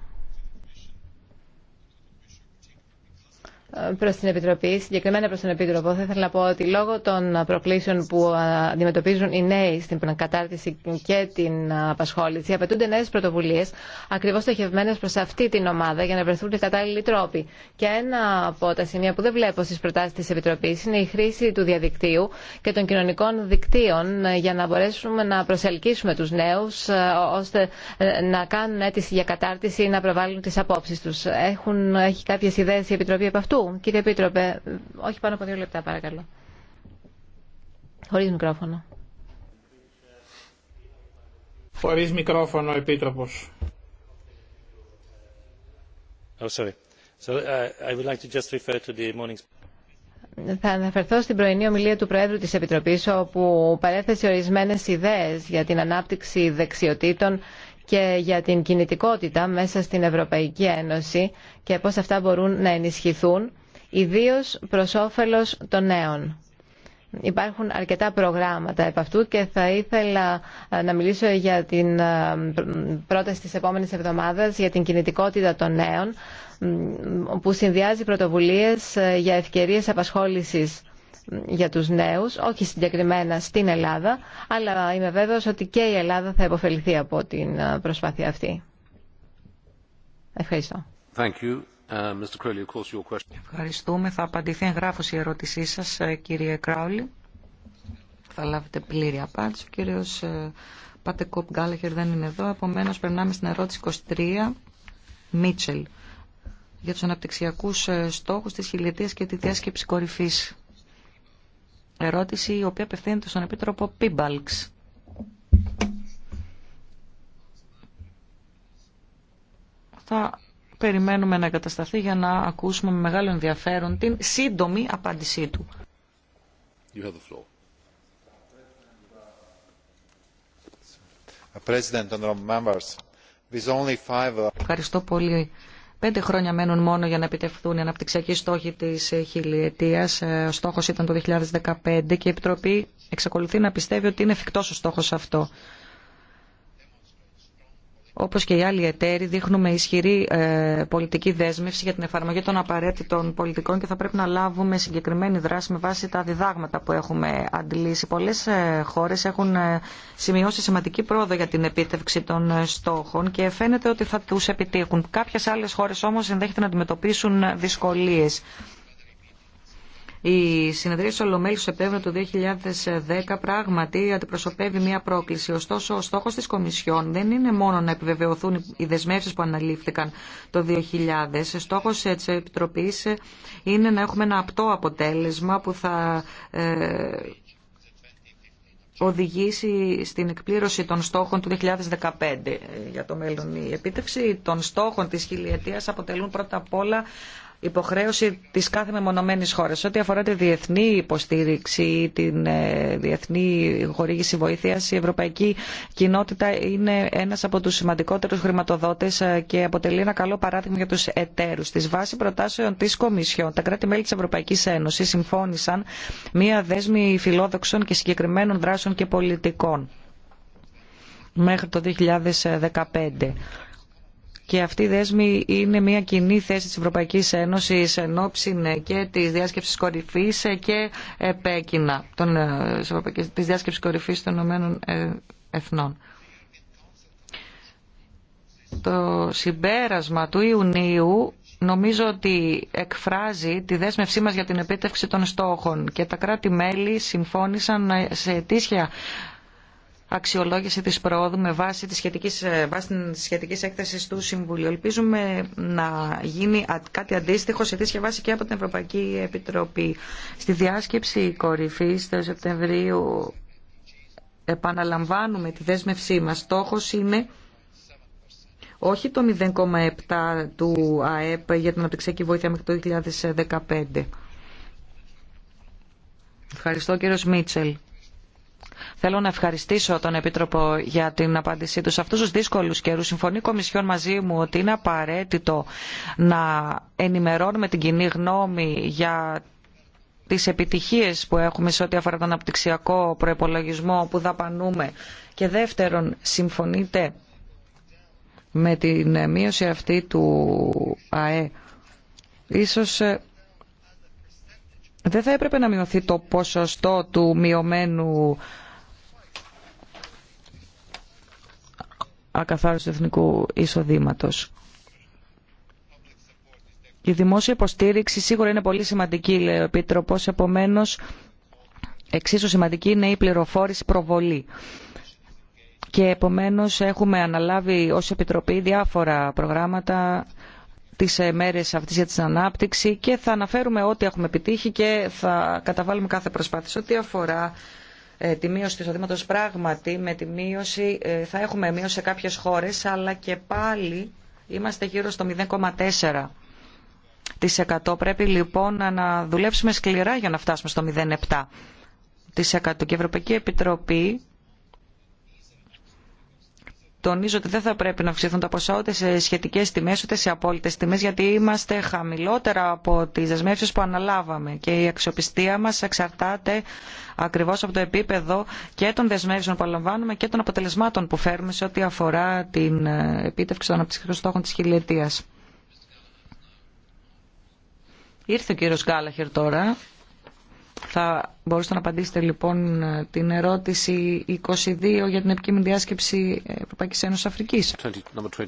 [SPEAKER 2] προς την Επιτροπή, συγκεκριμένα προς τον Επίτροπο, θα ήθελα να πω ότι λόγω των προκλήσεων που ε, αντιμετωπίζουν οι νέοι στην κατάρτιση και την απασχόληση, απαιτούνται νέες πρωτοβουλίες, ακριβώς στοχευμένες προς αυτή την ομάδα για να βρεθούν οι κατάλληλοι τρόποι. Και ένα από τα σημεία που δεν βλέπω στις προτάσεις της Επιτροπής είναι η χρήση του διαδικτύου και των κοινωνικών δικτύων ε, για να μπορέσουμε να προσελκύσουμε τους νέους ε, ώστε να κάνουν αίτηση για κατάρτιση ή να προβάλλουν τις απόψεις τους. Έχουν, έχει κάποιες ιδέες η Επιτροπή από αυτού. Κύριε Επίτροπε, όχι πάνω από δύο λεπτά παρακαλώ. Χωρί μικρόφωνο.
[SPEAKER 1] Χωρίς μικρόφωνο, Επίτροπο. Oh, sorry. So, uh, I would like to just
[SPEAKER 2] refer to the θα αναφερθώ στην πρωινή ομιλία του Προέδρου της Επιτροπής όπου παρέθεσε ορισμένες ιδέες για την ανάπτυξη δεξιοτήτων και για την κινητικότητα μέσα στην Ευρωπαϊκή Ένωση και πώς αυτά μπορούν να ενισχυθούν, ιδίως προς όφελος των νέων. Υπάρχουν αρκετά προγράμματα επ' αυτού και θα ήθελα ε, να μιλήσω για την ε, πρόταση της επόμενης εβδομάδας για την κινητικότητα των νέων που συνδυάζει πρωτοβουλίες ε, για ευκαιρίες απασχόλησης για τους νέους, όχι συγκεκριμένα στην Ελλάδα, αλλά είμαι βέβαιος ότι και η Ελλάδα θα υποφεληθεί από την ε, προσπάθεια αυτή. Ευχαριστώ.
[SPEAKER 1] Thank you. Uh, Mr. Crowley, of course, your question.
[SPEAKER 3] Ευχαριστούμε. Θα απαντηθεί εγγράφως η ερώτησή σας, ε, κύριε Κράουλη. Θα λάβετε πλήρη απάντηση. Ο κύριος ε, Πατεκόπ Γκάλεχερ δεν είναι εδώ. Επομένως, περνάμε στην ερώτηση 23, Μίτσελ, για τους αναπτυξιακούς στόχους της χιλιετίας και τη διάσκεψη κορυφής ερώτηση η οποία απευθύνεται στον Επίτροπο Πίμπαλξ. Θα περιμένουμε να εγκατασταθεί για να ακούσουμε με μεγάλο ενδιαφέρον την σύντομη απάντησή του. Ευχαριστώ πολύ Πέντε χρόνια μένουν μόνο για να επιτευχθούν οι αναπτυξιακοί στόχοι τη ε, χιλιετίας. Ε, ο στόχος ήταν το 2015 και η Επιτροπή εξακολουθεί να πιστεύει ότι είναι εφικτό ο στόχος αυτό όπως και οι άλλοι εταίροι, δείχνουμε ισχυρή ε, πολιτική δέσμευση για την εφαρμογή των απαραίτητων πολιτικών και θα πρέπει να λάβουμε συγκεκριμένη δράση με βάση τα διδάγματα που έχουμε αντιλήσει. Πολλές ε, χώρες έχουν ε, σημειώσει σημαντική πρόοδο για την επίτευξη των στόχων και φαίνεται ότι θα τους επιτύχουν. Κάποιε άλλε χώρε όμω ενδέχεται να αντιμετωπίσουν δυσκολίε. Η συνεδρία της Ολομέλη του του 2010 πράγματι αντιπροσωπεύει μια πρόκληση. Ωστόσο, ο στόχος της Κομισιόν δεν είναι μόνο να επιβεβαιωθούν οι δεσμεύσει που αναλήφθηκαν το 2000. Στόχος τη επιτροπή είναι να έχουμε ένα απτό αποτέλεσμα που θα ε, οδηγήσει στην εκπλήρωση των στόχων του 2015 για το μέλλον. Η επίτευξη των στόχων της χιλιετίας αποτελούν πρώτα απ' όλα υποχρέωση της κάθε μεμονωμένης χώρας. Ό,τι αφορά τη διεθνή υποστήριξη, την ε, διεθνή χορήγηση βοήθειας, η ευρωπαϊκή κοινότητα είναι ένας από τους σημαντικότερους χρηματοδότες ε, και αποτελεί ένα καλό παράδειγμα για τους εταίρους. Της βάση προτάσεων της Κομισιόν, τα κράτη-μέλη της Ευρωπαϊκής Ένωσης συμφώνησαν μία δέσμη φιλόδοξων και συγκεκριμένων δράσεων και πολιτικών μέχρι το 2015. Και αυτή η δέσμη είναι μια κοινή θέση της Ευρωπαϊκής Ένωσης εν ναι, και της διάσκεψης κορυφής και επέκεινα των, ε, της διάσκεψης κορυφής των Ηνωμένων ε, Εθνών. Το συμπέρασμα του Ιουνίου νομίζω ότι εκφράζει τη δέσμευσή μας για την επίτευξη των στόχων και τα κράτη-μέλη συμφώνησαν ε, σε αιτήσια αξιολόγηση της προόδου με βάση τη σχετικής, ε, βάση της σχετικής έκθεσης του Συμβουλίου. Ελπίζουμε να γίνει κάτι αντίστοιχο σε τέτοια βάση και από την Ευρωπαϊκή Επιτροπή. Στη διάσκεψη κορυφής του Σεπτεμβρίου επαναλαμβάνουμε τη δέσμευσή μας. Στόχος είναι όχι το 0,7 του ΑΕΠ για την Απτυξιακή βοήθεια μέχρι το 2015. Ευχαριστώ κύριο Μίτσελ. Θέλω να ευχαριστήσω τον Επίτροπο για την απάντησή του σε αυτού του δύσκολου καιρούς. Συμφωνεί η Κομισιόν μαζί μου ότι είναι απαραίτητο να ενημερώνουμε την κοινή γνώμη για τις επιτυχίε που έχουμε σε ό,τι αφορά τον αναπτυξιακό προπολογισμό που δαπανούμε. Και δεύτερον, συμφωνείτε με την μείωση αυτή του ΑΕ. Ίσως ε, δεν θα έπρεπε να μειωθεί το ποσοστό του μειωμένου ακαθάριστου εθνικού εισοδήματο. Η δημόσια υποστήριξη σίγουρα είναι πολύ σημαντική, λέει ο επίτροπο, επομένω εξίσου σημαντική είναι η πληροφόρηση προβολή και επομένως έχουμε αναλάβει ω Επιτροπή διάφορα προγράμματα τις ε, μέρε αυτής για την ανάπτυξη και θα αναφέρουμε ό,τι έχουμε επιτύχει και θα καταβάλουμε κάθε προσπάθεια. Ό,τι αφορά ε, τη μείωση του εισοδήματος πράγματι με τη μείωση ε, θα έχουμε μείωση σε κάποιες χώρες αλλά και πάλι είμαστε γύρω στο 0,4%. 100. Πρέπει λοιπόν να δουλέψουμε σκληρά για να φτάσουμε στο 0,7% και η Ευρωπαϊκή Επιτροπή τονίζω ότι δεν θα πρέπει να αυξηθούν τα ποσά ούτε σε σχετικές τιμέ ούτε σε απόλυτε τιμέ, γιατί είμαστε χαμηλότερα από τις δεσμεύσεις που αναλάβαμε και η αξιοπιστία μας εξαρτάται ακριβώς από το επίπεδο και των δεσμεύσεων που αναλαμβάνουμε και των αποτελεσμάτων που φέρνουμε σε ό,τι αφορά την ε, επίτευξη των αναπτυξιακών στόχων της χιλιετίας. Ήρθε ο κύριος Γκάλαχερ τώρα. Θα μπορούσατε να απαντήσετε λοιπόν την ερώτηση 22 για την επικείμενη διάσκεψη Ευρωπαϊκής Ένωσης Αφρικής.
[SPEAKER 1] number 22,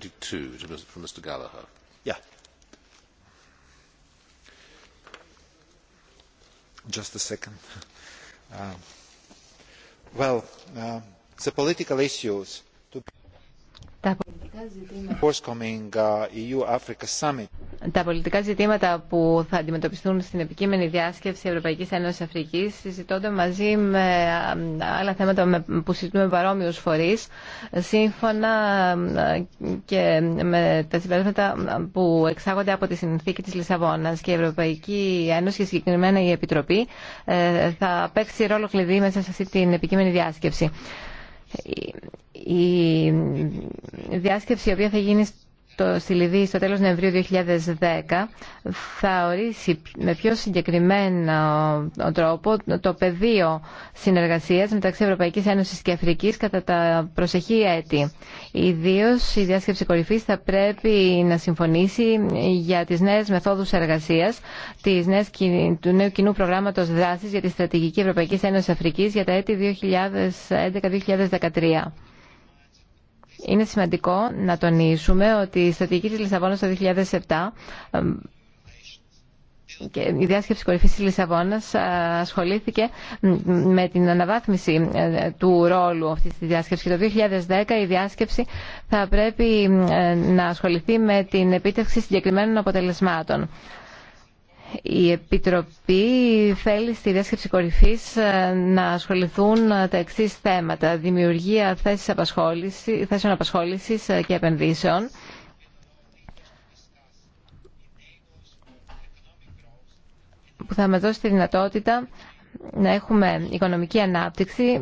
[SPEAKER 1] yeah. Just a
[SPEAKER 2] second. Uh,
[SPEAKER 1] well, uh, the political issues to... forthcoming uh, EU-Africa summit.
[SPEAKER 2] Τα πολιτικά ζητήματα που θα αντιμετωπιστούν στην επικείμενη διάσκεψη Ευρωπαϊκής Ένωσης Αφρικής συζητώνται μαζί με άλλα θέματα που συζητούμε παρόμοιους φορείς σύμφωνα και με τα συμπέρασματα που εξάγονται από τη συνθήκη της Λισαβόνας και η Ευρωπαϊκή Ένωση και συγκεκριμένα η Επιτροπή ε, θα παίξει ρόλο κλειδί μέσα σε αυτή την επικείμενη διάσκεψη η διάσκεψη η οποία θα γίνει το, στη Λιβύη στο τέλος Νοεμβρίου 2010 θα ορίσει με πιο συγκεκριμένο ε, τρόπο το πεδίο συνεργασίας μεταξύ Ευρωπαϊκής Ένωσης και Αφρικής κατά τα προσεχή έτη. Ιδίω η διάσκεψη κορυφή θα πρέπει να συμφωνήσει για τις νέες μεθόδους εργασίας τις του νέου κοινού προγράμματος δράσης για τη Στρατηγική Ευρωπαϊκή Ένωση Αφρικής για τα έτη 2011-2013. Είναι σημαντικό να τονίσουμε ότι η στρατηγική της Λισαβόνας το 2007 και η διάσκεψη κορυφή τη Λισαβόνα ε, ασχολήθηκε με την αναβάθμιση ε, του ρόλου αυτής της διάσκεψης Και το 2010 η διάσκεψη θα πρέπει ε, να ασχοληθεί με την επίτευξη συγκεκριμένων αποτελεσμάτων. Η Επιτροπή θέλει στη διάσκεψη κορυφής ε, να ασχοληθούν ε, τα εξή θέματα. Δημιουργία θέσεις απασχόληση, θέσεων απασχόλησης ε, και επενδύσεων. που θα μας δώσει τη δυνατότητα να έχουμε οικονομική ανάπτυξη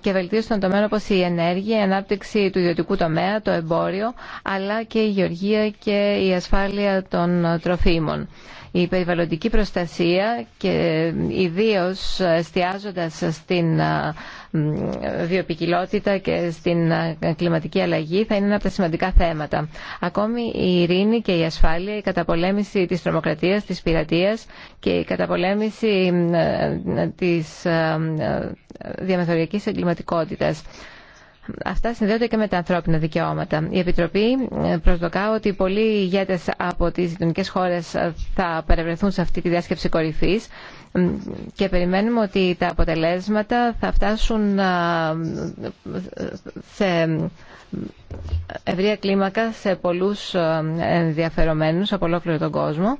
[SPEAKER 2] και βελτίωση των τομέων όπως η ενέργεια, η ανάπτυξη του ιδιωτικού τομέα, το εμπόριο, αλλά και η γεωργία και η ασφάλεια των τροφίμων. Η περιβαλλοντική προστασία και ιδίως εστιάζοντας στην βιοπικιλότητα και στην κλιματική αλλαγή θα είναι ένα από τα σημαντικά θέματα. Ακόμη η ειρήνη και η ασφάλεια, η καταπολέμηση της τρομοκρατίας, της πειρατείας και η καταπολέμηση ε, της ε, διαμεθοριακής εγκληματικότητας. Αυτά συνδέονται και με τα ανθρώπινα δικαιώματα. Η Επιτροπή ε, προσδοκά ότι πολλοί ηγέτε από τις γειτονικέ χώρες ε, θα παρευρεθούν σε αυτή τη διάσκεψη κορυφή. και περιμένουμε ότι τα αποτελέσματα θα φτάσουν ε, σε ευρία κλίμακα σε πολλούς ενδιαφερομένους από ολόκληρο τον κόσμο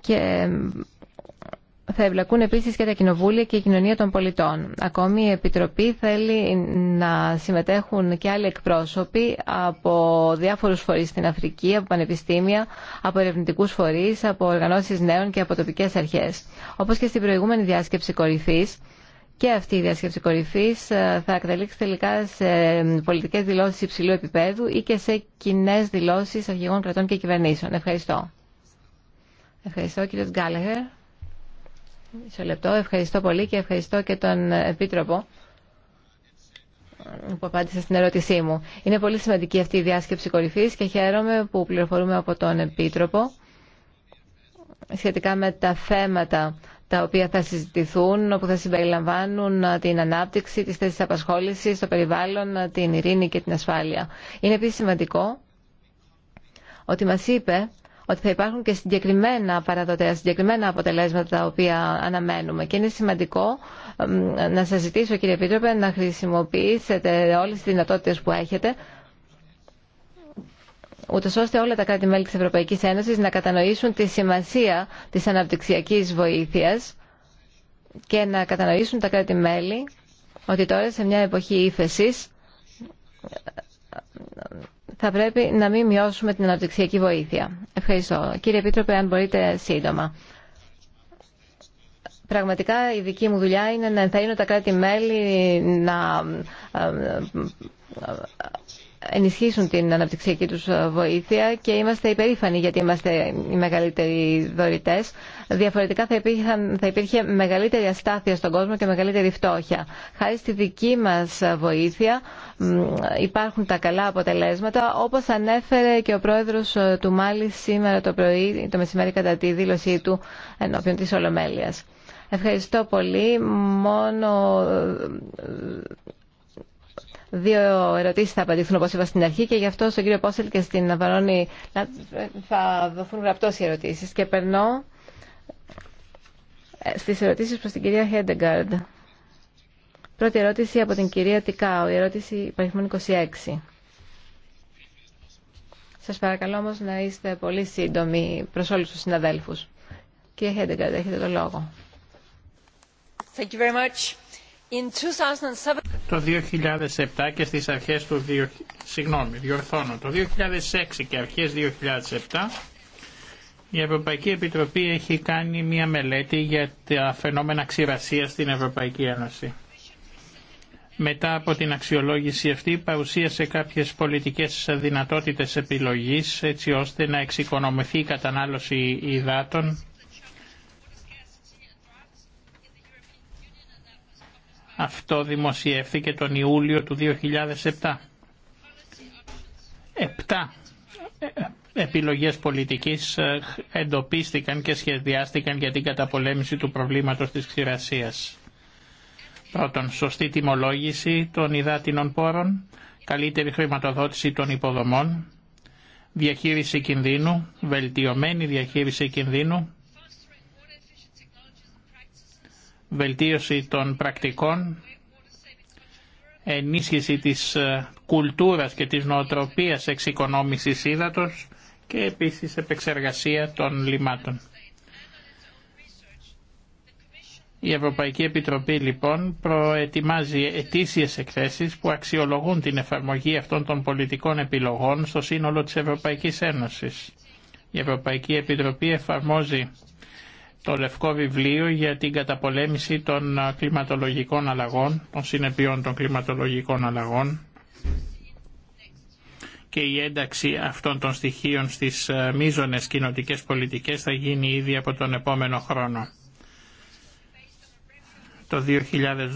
[SPEAKER 2] και θα ευλακούν επίσης και τα κοινοβούλια και η κοινωνία των πολιτών. Ακόμη η Επιτροπή θέλει να συμμετέχουν και άλλοι εκπρόσωποι από διάφορους φορείς στην Αφρική, από πανεπιστήμια, από ερευνητικούς φορείς, από οργανώσεις νέων και από τοπικές αρχές. Όπως και στην προηγούμενη διάσκεψη κορυφής, και αυτή η διάσκεψη κορυφή ε, θα καταλήξει τελικά σε πολιτικέ δηλώσει υψηλού επίπεδου ή και σε κοινέ δηλώσει αρχηγών κρατών και κυβερνήσεων. Ευχαριστώ. Ευχαριστώ, κύριε Γκάλεγερ. Μισό λεπτό. Ευχαριστώ πολύ και ευχαριστώ και τον Επίτροπο που απάντησε στην ερώτησή μου. Είναι πολύ σημαντική αυτή η διάσκεψη κορυφής και χαίρομαι που πληροφορούμε από τον Επίτροπο σχετικά με τα θέματα τα οποία θα συζητηθούν, όπου θα συμπεριλαμβάνουν την ανάπτυξη, τις θέσεις απασχόλησης, το περιβάλλον, την ειρήνη και την ασφάλεια. Είναι επίσης σημαντικό ότι μας είπε ότι θα υπάρχουν και συγκεκριμένα παραδοτέα, συγκεκριμένα αποτελέσματα τα οποία αναμένουμε. Και είναι σημαντικό να σας ζητήσω κύριε Επίτροπε να χρησιμοποιήσετε όλες τις δυνατότητες που έχετε ούτως ώστε όλα τα κράτη-μέλη της Ευρωπαϊκής Ένωσης να κατανοήσουν τη σημασία της αναπτυξιακής βοήθειας και να κατανοήσουν τα κράτη-μέλη ότι τώρα σε μια εποχή ύφεσης θα πρέπει να μην μειώσουμε την αναπτυξιακή βοήθεια. Ευχαριστώ. Κύριε Επίτροπε, αν μπορείτε σύντομα. Πραγματικά η δική μου δουλειά είναι να ενθαρρύνω τα κράτη-μέλη να ε, ε, ενισχύσουν την αναπτυξιακή τους βοήθεια και είμαστε υπερήφανοι γιατί είμαστε οι μεγαλύτεροι δωρητές. Διαφορετικά θα, θα υπήρχε μεγαλύτερη αστάθεια στον κόσμο και μεγαλύτερη φτώχεια. Χάρη στη δική μας βοήθεια υπάρχουν τα καλά αποτελέσματα όπως ανέφερε και ο πρόεδρος ε, του Μάλι σήμερα το πρωί, το μεσημέρι κατά τη δήλωσή του ενώπιον της Ολομέλειας. Ευχαριστώ πολύ. Μόνο ε, Δύο ερωτήσεις θα απαντηθούν όπω είπα στην αρχή και γι' αυτό στον κύριο Πόσελ και στην Βαρόνη θα δοθούν γραπτό οι ερωτήσει. Και περνώ ε, στις ερωτήσεις προς την κυρία Χέντεγκαρντ. Πρώτη ερώτηση από την κυρία Τικάου, η ερώτηση υπαριθμών 26. Σας παρακαλώ όμως να είστε πολύ σύντομοι προς όλους τους συναδέλφους. Κύριε Χέντεγκαρντ, έχετε το λόγο. Thank you very much.
[SPEAKER 1] Το 2007 και στις αρχές του... 2006 και αρχές 2007 η Ευρωπαϊκή Επιτροπή έχει κάνει μια μελέτη για τα φαινόμενα ξηρασίας στην Ευρωπαϊκή Ένωση. Μετά από την αξιολόγηση αυτή παρουσίασε κάποιες πολιτικές δυνατότητες επιλογής έτσι ώστε να εξοικονομηθεί η κατανάλωση υδάτων Αυτό δημοσιεύθηκε τον Ιούλιο του 2007. Επτά ε, επιλογές πολιτικής ε, εντοπίστηκαν και σχεδιάστηκαν για την καταπολέμηση του προβλήματος της ξηρασίας. Πρώτον, σωστή τιμολόγηση των υδάτινων πόρων, καλύτερη χρηματοδότηση των υποδομών, διαχείριση κινδύνου, βελτιωμένη διαχείριση κινδύνου, βελτίωση των πρακτικών, ενίσχυση της ε, κουλτούρας και της νοοτροπίας εξοικονόμησης ύδατος και επίσης επεξεργασία των λιμάτων. Η Ευρωπαϊκή Επιτροπή λοιπόν προετοιμάζει ετήσιες εκθέσεις που αξιολογούν την εφαρμογή αυτών των πολιτικών επιλογών στο σύνολο της Ευρωπαϊκής Ένωσης. Η Ευρωπαϊκή Επιτροπή εφαρμόζει το Λευκό Βιβλίο για την καταπολέμηση των κλιματολογικών αλλαγών, των συνεπειών των κλιματολογικών αλλαγών και η ένταξη αυτών των στοιχείων στις μείζονες κοινοτικές πολιτικές θα γίνει ήδη από τον επόμενο χρόνο. Το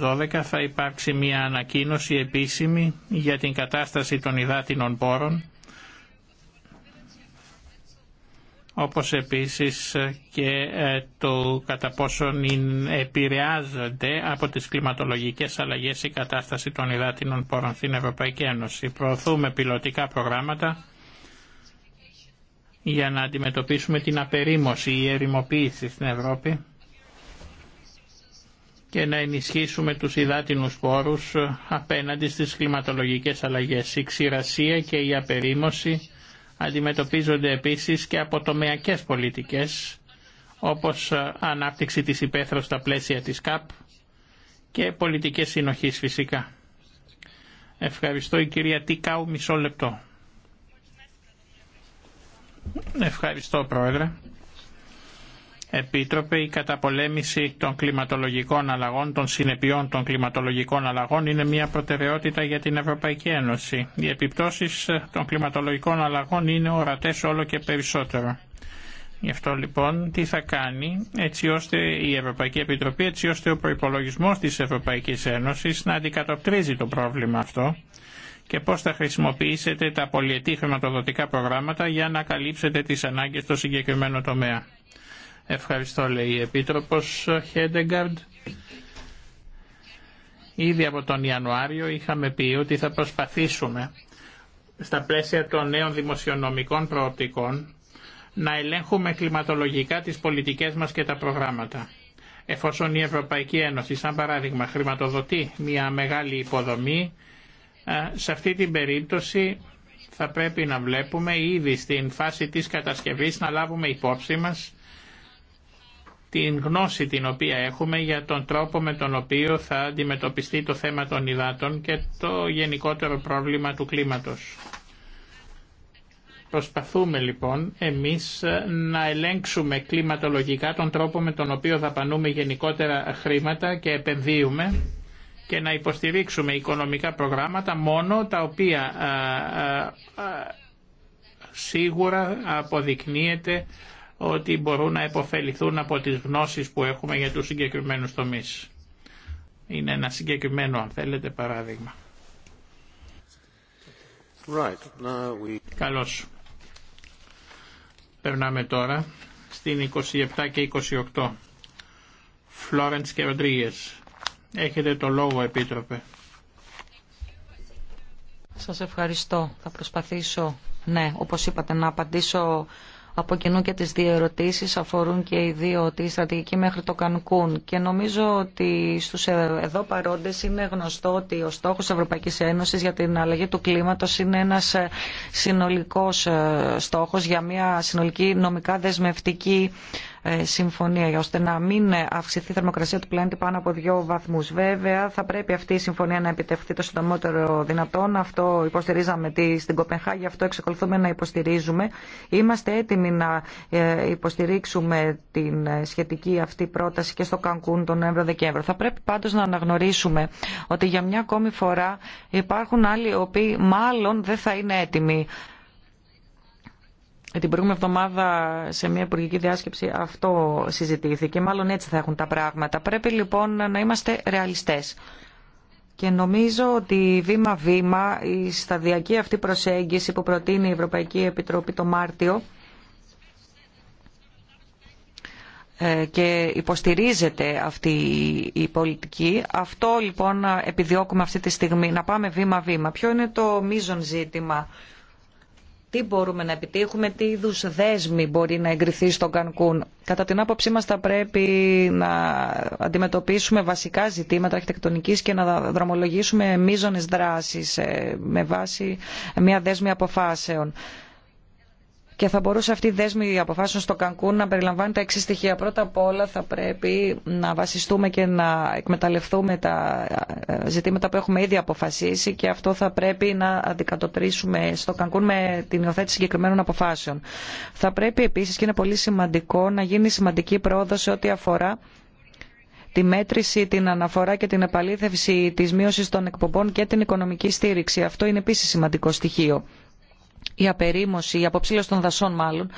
[SPEAKER 1] 2012 θα υπάρξει μια ανακοίνωση επίσημη για την κατάσταση των υδάτινων πόρων όπως επίσης και ε, το κατά πόσον επηρεάζονται από τις κλιματολογικές αλλαγές η κατάσταση των υδάτινων πόρων στην Ευρωπαϊκή Ένωση. Προωθούμε πιλωτικά προγράμματα για να αντιμετωπίσουμε την απερίμωση ή ερημοποίηση στην Ευρώπη και να ενισχύσουμε τους υδάτινους πόρους απέναντι στις κλιματολογικές αλλαγές. Η ξηρασία και η απερίμωση αντιμετωπίζονται επίσης και από τομεακές πολιτικές όπως ε, ανάπτυξη της υπαίθρου στα πλαίσια της ΚΑΠ και πολιτικές συνοχής φυσικά. Ευχαριστώ η κυρία Τικάου μισό λεπτό. Ευχαριστώ πρόεδρε. Επίτροπε, η καταπολέμηση των κλιματολογικών αλλαγών, των συνεπειών των κλιματολογικών αλλαγών είναι μια προτεραιότητα για την Ευρωπαϊκή Ένωση. Οι επιπτώσεις των κλιματολογικών αλλαγών είναι ορατές όλο και περισσότερο. Γι' αυτό λοιπόν τι θα κάνει έτσι ώστε η Ευρωπαϊκή Επιτροπή, έτσι ώστε ο προϋπολογισμός της Ευρωπαϊκής Ένωσης να αντικατοπτρίζει το πρόβλημα αυτό και πώς θα χρησιμοποιήσετε τα πολιετή χρηματοδοτικά προγράμματα για να καλύψετε τις ανάγκες στο συγκεκριμένο τομέα. Ευχαριστώ λέει η Επίτροπος Χέντεγκαρντ. Ήδη από τον Ιανουάριο είχαμε πει ότι θα προσπαθήσουμε στα πλαίσια των νέων δημοσιονομικών προοπτικών να ελέγχουμε κλιματολογικά τις πολιτικές μας και τα προγράμματα. Εφόσον η Ευρωπαϊκή Ένωση, σαν παράδειγμα, χρηματοδοτεί μια μεγάλη υποδομή, σε αυτή την περίπτωση θα πρέπει να βλέπουμε ήδη στην φάση της κατασκευής να λάβουμε υπόψη μας την γνώση την οποία έχουμε για τον τρόπο με τον οποίο θα αντιμετωπιστεί το θέμα των υδάτων και το γενικότερο πρόβλημα του κλίματος. Προσπαθούμε λοιπόν εμείς να ελέγξουμε κλιματολογικά τον τρόπο με τον οποίο θα πανούμε γενικότερα χρήματα και επενδύουμε και να υποστηρίξουμε οικονομικά προγράμματα μόνο τα οποία σίγουρα αποδεικνύεται ότι μπορούν να επωφεληθούν από τις γνώσεις που έχουμε για τους συγκεκριμένους τομείς. Είναι ένα συγκεκριμένο, αν θέλετε, παράδειγμα. Right. Καλώς. Περνάμε τώρα στην 27 και 28. Φλόρεντς και Ροντρίγες. Έχετε το λόγο, Επίτροπε.
[SPEAKER 3] Σας ευχαριστώ. Θα προσπαθήσω, ναι, όπως είπατε, να απαντήσω από κοινού και τις δύο ερωτήσεις αφορούν και οι δύο ότι η στρατηγική μέχρι το Κανκούν και νομίζω ότι στους ε, εδώ παρόντες είναι γνωστό ότι ο στόχος της Ευρωπαϊκής Ένωσης για την αλλαγή του κλίματος είναι ένας ε, συνολικός ε, στόχος για μια συνολική νομικά δεσμευτική ε, συμφωνία ώστε να μην αυξηθεί η θερμοκρασία του πλανήτη πάνω από δύο βαθμούς. Βέβαια θα πρέπει αυτή η συμφωνία να επιτευχθεί το συντομότερο δυνατόν. Αυτό υποστηρίζαμε στην Κοπενχάγη, αυτό εξακολουθούμε να υποστηρίζουμε. Είμαστε έτοιμοι να ε, υποστηρίξουμε την ε, σχετική αυτή πρόταση και στο Κανκούν τον Νοέμβριο-Δεκέμβριο. Θα πρέπει πάντως να αναγνωρίσουμε ότι για μια ακόμη φορά υπάρχουν άλλοι οι οποίοι μάλλον δεν θα είναι έτοιμοι την προηγούμενη εβδομάδα σε μια υπουργική διάσκεψη αυτό συζητήθηκε. Μάλλον έτσι θα έχουν τα πράγματα. Πρέπει λοιπόν να είμαστε ρεαλιστές. Και νομίζω ότι βήμα-βήμα η σταδιακή αυτή προσέγγιση που προτείνει η Ευρωπαϊκή Επιτροπή το Μάρτιο ε, και υποστηρίζεται αυτή η πολιτική. Αυτό λοιπόν επιδιώκουμε αυτή τη στιγμή, να πάμε βήμα-βήμα. Ποιο είναι το μείζον ζήτημα τι μπορούμε να επιτύχουμε, τι είδου δέσμη μπορεί να εγκριθεί στον Κανκούν. Κατά την άποψή μας θα πρέπει να αντιμετωπίσουμε βασικά ζητήματα αρχιτεκτονικής και να δρομολογήσουμε μείζονε δράσεις ε, με βάση μια δέσμη αποφάσεων. Και θα μπορούσε αυτή η δέσμη αποφάσεων στο Κανκούν να περιλαμβάνει τα εξή στοιχεία. Πρώτα απ' όλα θα πρέπει να βασιστούμε και να εκμεταλλευτούμε τα ε, ζητήματα που έχουμε ήδη αποφασίσει και αυτό θα πρέπει να αντικατοπτρίσουμε στο Κανκούν με την υιοθέτηση συγκεκριμένων αποφάσεων. Θα πρέπει επίσης και είναι πολύ σημαντικό να γίνει σημαντική πρόοδο σε ό,τι αφορά τη μέτρηση, την αναφορά και την επαλήθευση της μείωσης των εκπομπών και την οικονομική στήριξη. Αυτό είναι επίσης σημαντικό στοιχείο η απερίμωση, η αποψήλωση των δασών μάλλον,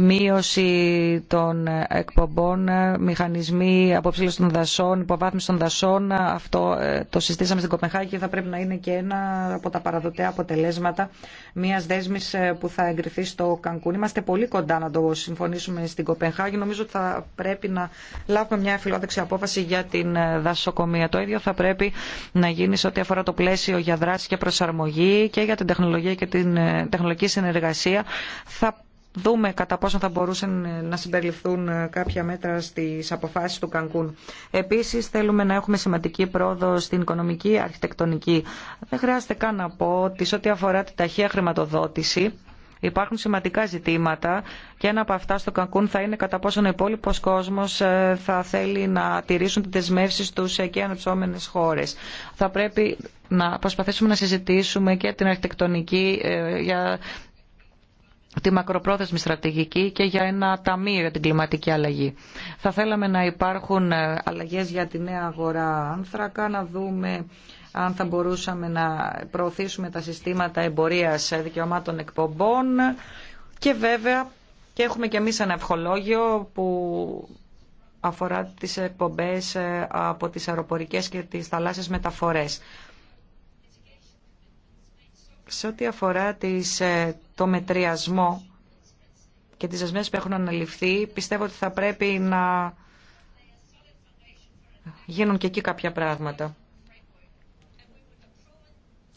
[SPEAKER 3] μείωση των εκπομπών, μηχανισμοί αποψήλωση των δασών, υποβάθμιση των δασών, αυτό ε, το συστήσαμε στην Κοπενχάγη και θα πρέπει να είναι και ένα από τα παραδοτέα αποτελέσματα μια δέσμη ε, που θα εγκριθεί στο Κανκούν. Είμαστε πολύ κοντά να το συμφωνήσουμε στην Κοπενχάγη. Νομίζω ότι θα πρέπει να λάβουμε μια φιλόδεξη απόφαση για την ε, δασοκομεία. Το ίδιο θα πρέπει να γίνει σε ό,τι αφορά το πλαίσιο για δράση και προσαρμογή και για την τεχνολογία και την τεχνολογία τεχνολογική συνεργασία θα δούμε κατά πόσο θα μπορούσαν να συμπεριληφθούν κάποια μέτρα στις αποφάσεις του Κανκούν. Επίσης θέλουμε να έχουμε σημαντική πρόοδο στην οικονομική αρχιτεκτονική. Δεν χρειάζεται καν να πω ότι σε ό,τι αφορά την ταχεία χρηματοδότηση Υπάρχουν σημαντικά ζητήματα και ένα από αυτά στο Κανκούν θα είναι κατά πόσον ο υπόλοιπο κόσμο ε, θα θέλει να τηρήσουν τι δεσμεύσει του ε, και ανεψόμενε χώρε. Θα πρέπει να προσπαθήσουμε να συζητήσουμε και την αρχιτεκτονική ε, για τη μακροπρόθεσμη στρατηγική και για ένα ταμείο για την κλιματική αλλαγή. Θα θέλαμε να υπάρχουν αλλαγές για τη νέα αγορά άνθρακα, να δούμε αν θα μπορούσαμε να προωθήσουμε τα συστήματα εμπορίας δικαιωμάτων εκπομπών και βέβαια και έχουμε και εμείς ένα ευχολόγιο που αφορά τις εκπομπές ε, από τις αεροπορικές και τις θαλάσσιες μεταφορές. Σε ό,τι αφορά τις, ε, το μετριασμό και τις ασμές που έχουν αναλυφθεί, πιστεύω ότι θα πρέπει να γίνουν και εκεί κάποια πράγματα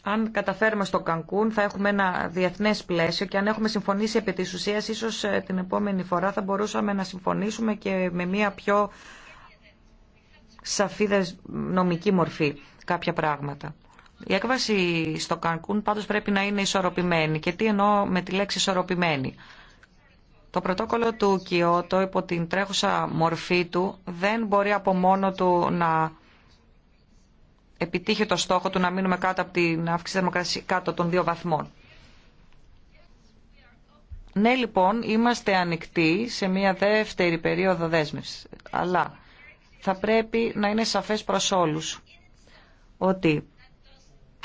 [SPEAKER 3] αν καταφέρουμε στο Κανκούν θα έχουμε ένα διεθνές πλαίσιο και αν έχουμε συμφωνήσει επί της ουσίας ίσως ε, την επόμενη φορά θα μπορούσαμε να συμφωνήσουμε και με μια πιο σαφή νομική μορφή κάποια πράγματα. Η έκβαση στο Κανκούν πάντως πρέπει να είναι ισορροπημένη και τι εννοώ με τη λέξη ισορροπημένη. Το πρωτόκολλο του Κιώτο υπό την τρέχουσα μορφή του δεν μπορεί από μόνο του να επιτύχει το στόχο του να μείνουμε κάτω από την αύξηση θερμοκρασία κάτω των δύο βαθμών. Ναι, λοιπόν, είμαστε ανοιχτοί σε μια δεύτερη περίοδο δέσμευση. Αλλά θα πρέπει να είναι σαφές προς όλους ότι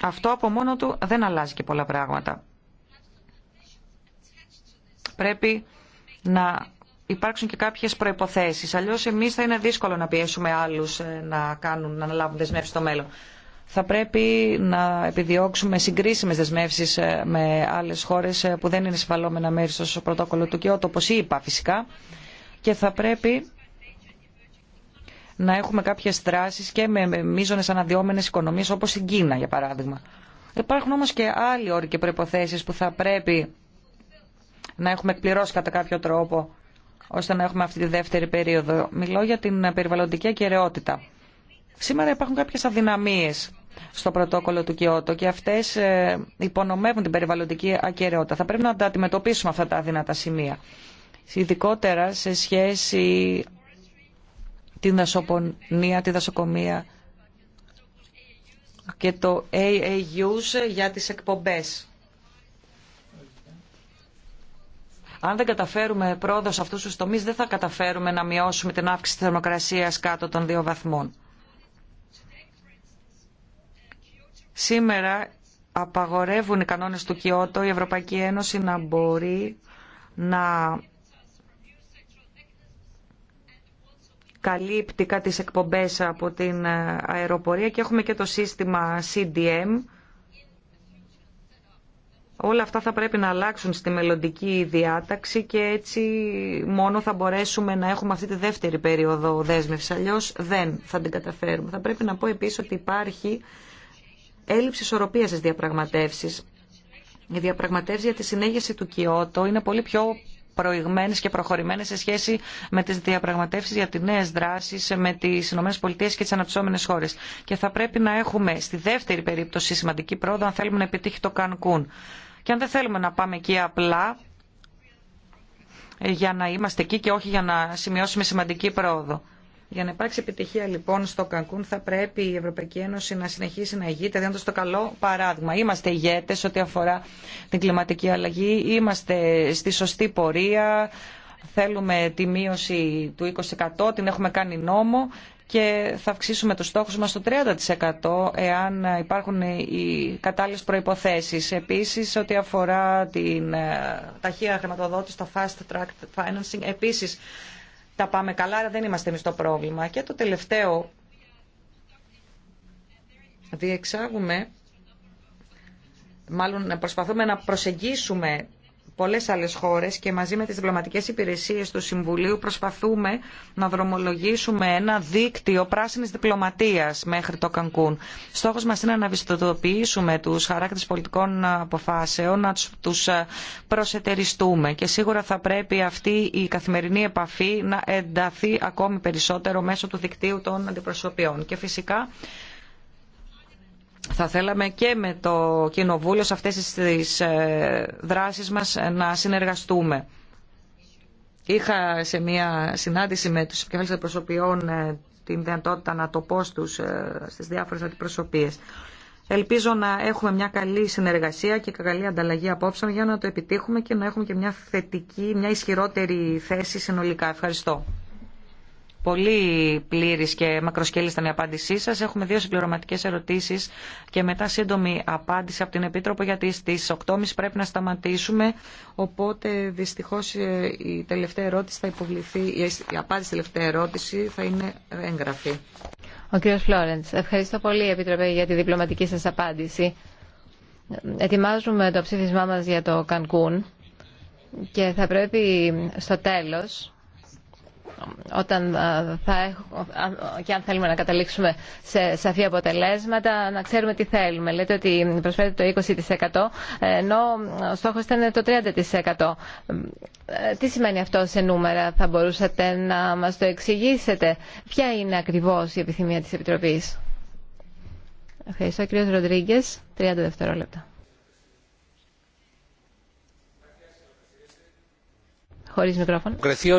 [SPEAKER 3] αυτό από μόνο του δεν αλλάζει και πολλά πράγματα. Πρέπει να υπάρξουν και κάποιε προποθέσει. Αλλιώ εμεί θα είναι δύσκολο να πιέσουμε άλλου ε, να, κάνουν, να αναλάβουν δεσμεύσεις στο μέλλον. Θα πρέπει να επιδιώξουμε συγκρίσιμε δεσμεύσει ε, με άλλε χώρε ε, που δεν είναι συμβαλόμενα μέρη στο πρωτόκολλο του Κιώτο, όπω είπα φυσικά. Και θα πρέπει να έχουμε κάποιε δράσει και με μείζονε αναδυόμενες οικονομίε, όπω στην Κίνα για παράδειγμα. Υπάρχουν όμω και άλλοι όροι και προϋποθέσεις που θα πρέπει να έχουμε εκπληρώσει κατά κάποιο τρόπο ώστε να έχουμε αυτή τη δεύτερη περίοδο. Μιλώ για την περιβαλλοντική ακαιρεότητα. Σήμερα υπάρχουν κάποιες αδυναμίες στο πρωτόκολλο του Κιώτο και αυτές ε, υπονομεύουν την περιβαλλοντική ακαιρεότητα. Θα πρέπει να τα αντιμετωπίσουμε αυτά τα αδυνατά σημεία. Ειδικότερα σε σχέση την δασοπονία, τη δασοκομεία και το AAUs για τις εκπομπές. Αν δεν καταφέρουμε πρόοδο σε αυτού του τομεί, δεν θα καταφέρουμε να μειώσουμε την αύξηση τη θερμοκρασία κάτω των δύο βαθμών. Σήμερα απαγορεύουν οι κανόνες του Κιώτο η Ευρωπαϊκή Ένωση να μπορεί να καλύπτει κάτι εκπομπές από την αεροπορία και έχουμε και το σύστημα CDM Όλα αυτά θα πρέπει να αλλάξουν στη μελλοντική διάταξη και έτσι μόνο θα μπορέσουμε να έχουμε αυτή τη δεύτερη περίοδο δέσμευση. Αλλιώ δεν θα την καταφέρουμε. Θα πρέπει να πω επίση ότι υπάρχει έλλειψη ισορροπία στι διαπραγματεύσει. Η διαπραγματεύσει για τη συνέχιση του Κιώτο είναι πολύ πιο προηγμένες και προχωρημένες σε σχέση με τις διαπραγματεύσεις για τις νέες δράσεις με τις ΗΠΑ και τις αναπτυσσόμενες χώρες. Και θα πρέπει να έχουμε στη δεύτερη περίπτωση σημαντική πρόοδο αν θέλουμε να επιτύχει το Κανκούν. Και αν δεν θέλουμε να πάμε εκεί απλά για να είμαστε εκεί και όχι για να σημειώσουμε σημαντική πρόοδο. Για να υπάρξει επιτυχία λοιπόν στο Κανκούν θα πρέπει η Ευρωπαϊκή Ένωση να συνεχίσει να ηγείται δίνοντα το καλό παράδειγμα. Είμαστε ηγέτε ό,τι αφορά την κλιματική αλλαγή, είμαστε στη σωστή πορεία, θέλουμε τη μείωση του 20%, την έχουμε κάνει νόμο και θα αυξήσουμε το στόχους μας στο 30% εάν υπάρχουν οι κατάλληλες προϋποθέσεις. Επίσης, ό,τι αφορά την ε, ταχεία χρηματοδότηση, το fast track financing, επίσης τα πάμε καλά, αλλά δεν είμαστε εμεί το πρόβλημα. Και το τελευταίο, διεξάγουμε, μάλλον προσπαθούμε να προσεγγίσουμε πολλές άλλες χώρες και μαζί με τις διπλωματικές υπηρεσίες του Συμβουλίου προσπαθούμε να δρομολογήσουμε ένα δίκτυο πράσινης διπλωματίας μέχρι το Κανκούν. Στόχος μας είναι να ευαισθητοποιήσουμε τους χαράκτε πολιτικών αποφάσεων, να τους ε, προσετεριστούμε και σίγουρα θα πρέπει αυτή η καθημερινή επαφή να ενταθεί ακόμη περισσότερο μέσω του δικτύου των αντιπροσωπιών. Και φυσικά θα θέλαμε και με το Κοινοβούλιο σε αυτές τις ε, δράσεις μας να συνεργαστούμε. Είχα σε μια συνάντηση με τους επικεφαλής αντιπροσωπιών ε, την δυνατότητα να το πω στους, ε, στις διάφορες αντιπροσωπείες. Ελπίζω να έχουμε μια καλή συνεργασία και καλή ανταλλαγή απόψεων για να το επιτύχουμε και να έχουμε και μια θετική, μια ισχυρότερη θέση συνολικά. Ευχαριστώ. Πολύ πλήρη και μακροσκέλη ήταν η απάντησή σα. Έχουμε δύο συμπληρωματικέ ερωτήσει και μετά σύντομη απάντηση από την Επίτροπο, γιατί στι 8.30 πρέπει να σταματήσουμε. Οπότε δυστυχώ ε, η τελευταία ερώτηση θα υποβληθεί, ε, η απάντηση τελευταία ερώτηση
[SPEAKER 2] θα είναι έγγραφη. Ο κ. Φλόρεντ, ευχαριστώ πολύ, Επίτροπε, για τη διπλωματική σα απάντηση. Ετοιμάζουμε το ψήφισμά μα για το Κανκούν και θα πρέπει στο τέλος όταν ε, θα έχω, και αν θέλουμε να καταλήξουμε σε σαφή αποτελέσματα, να ξέρουμε τι θέλουμε. Λέτε ότι προσφέρετε το 20% ε, ενώ ο στόχο ήταν το 30%. Ε, τι σημαίνει αυτό σε νούμερα, θα μπορούσατε να μας το εξηγήσετε. Ποια είναι ακριβώ η επιθυμία της Επιτροπής. Ευχαριστώ κύριε Ροντρίγκε, 30 δευτερόλεπτα. Ε,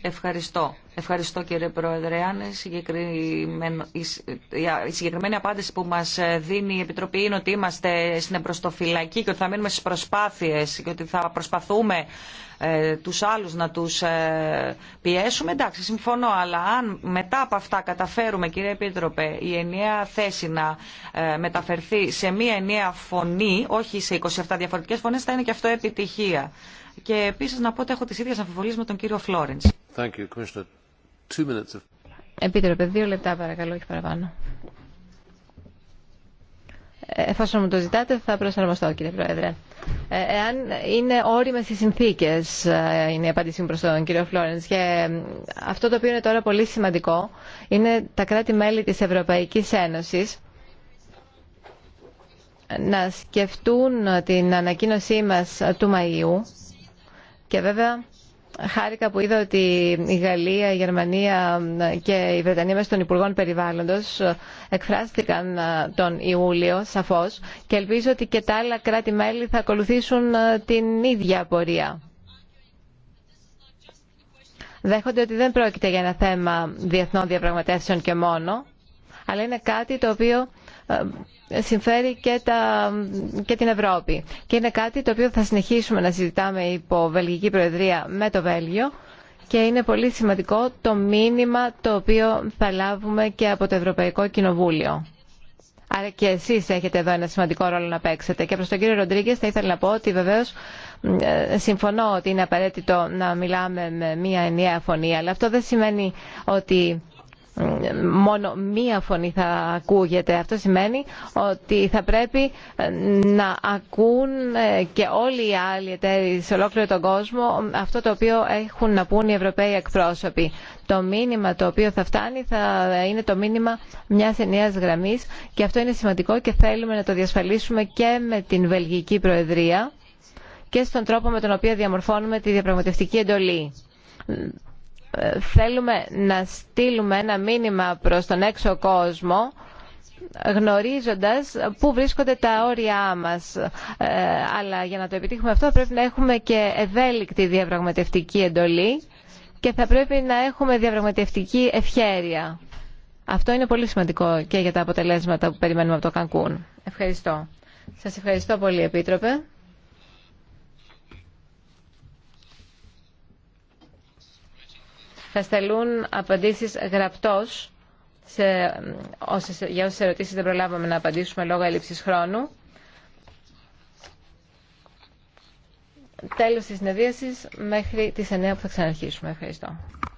[SPEAKER 2] Ευχαριστώ. Ευχαριστώ κύριε
[SPEAKER 3] Πρόεδρε. η συγκεκριμένη απάντηση που μας δίνει η Επιτροπή είναι ότι είμαστε στην εμπροστοφυλακή και ότι θα μείνουμε στις προσπάθειες και ότι θα προσπαθούμε ε, τους άλλους να τους ε, πιέσουμε, εντάξει, συμφωνώ, αλλά αν μετά από αυτά καταφέρουμε, κύριε Επίτροπε, η ενιαία θέση να μεταφερθεί σε μία ενιαία φωνή, όχι σε 27 διαφορετικές φωνές, θα είναι και αυτό επιτυχία. Και επίση να πω ότι έχω τι ίδιε αμφιβολίε με τον κύριο Φλόρεν.
[SPEAKER 2] Επίτροπε, δύο λεπτά παρακαλώ, όχι παραπάνω. Ε, εφόσον μου το ζητάτε, θα προσαρμοστώ, κύριε Πρόεδρε. Ε, εάν είναι όριμε οι συνθήκε, ε, είναι η απάντησή μου προ τον κύριο Φλόρεν. Και αυτό το οποίο είναι τώρα πολύ σημαντικό είναι τα κράτη-μέλη τη Ευρωπαϊκή Ένωση να σκεφτούν την ανακοίνωσή μας του Μαΐου και βέβαια χάρηκα που είδα ότι η Γαλλία, η Γερμανία και η Βρετανία μέσα των Υπουργών Περιβάλλοντος εκφράστηκαν ε, τον Ιούλιο σαφώς και ελπίζω ότι και τα άλλα κράτη-μέλη θα ακολουθήσουν ε, την ίδια πορεία. Δέχονται ότι δεν πρόκειται για ένα θέμα διεθνών διαπραγματεύσεων και μόνο, αλλά είναι κάτι το οποίο ε, συμφέρει και, τα, και την Ευρώπη. Και είναι κάτι το οποίο θα συνεχίσουμε να συζητάμε υπό Βελγική Προεδρία με το Βέλγιο και είναι πολύ σημαντικό το μήνυμα το οποίο θα λάβουμε και από το Ευρωπαϊκό Κοινοβούλιο. Άρα και εσείς έχετε εδώ ένα σημαντικό ρόλο να παίξετε. Και προς τον κύριο Ροντρίγκε θα ήθελα να πω ότι βεβαίως ε, συμφωνώ ότι είναι απαραίτητο να μιλάμε με μία ενιαία φωνή, αλλά αυτό δεν σημαίνει ότι μόνο μία φωνή θα ακούγεται. Αυτό σημαίνει ότι θα πρέπει να ακούν ε, και όλοι οι άλλοι εταίροι σε ολόκληρο τον κόσμο αυτό το οποίο έχουν να πούν οι Ευρωπαίοι εκπρόσωποι. Το μήνυμα το οποίο θα φτάνει θα είναι το μήνυμα μιας ενιαίας γραμμής και αυτό είναι σημαντικό και θέλουμε να το διασφαλίσουμε και με την Βελγική Προεδρία και στον τρόπο με τον οποίο διαμορφώνουμε τη διαπραγματευτική εντολή ε, θέλουμε να στείλουμε ένα μήνυμα προς τον έξω κόσμο γνωρίζοντας πού βρίσκονται τα όρια μας. Ε, αλλά για να το επιτύχουμε αυτό πρέπει να έχουμε και ευέλικτη διαπραγματευτική εντολή και θα πρέπει να έχουμε διαπραγματευτική ευχέρεια. Αυτό είναι πολύ σημαντικό και για τα αποτελέσματα που περιμένουμε από το Κανκούν. Ευχαριστώ. Σας ευχαριστώ πολύ, Επίτροπε. θα στελούν απαντήσεις γραπτός για όσες ερωτήσεις δεν προλάβαμε να απαντήσουμε λόγω έλλειψης χρόνου. Τέλος της συνεδρίασης μέχρι τις 9 που θα ξαναρχίσουμε. Ευχαριστώ.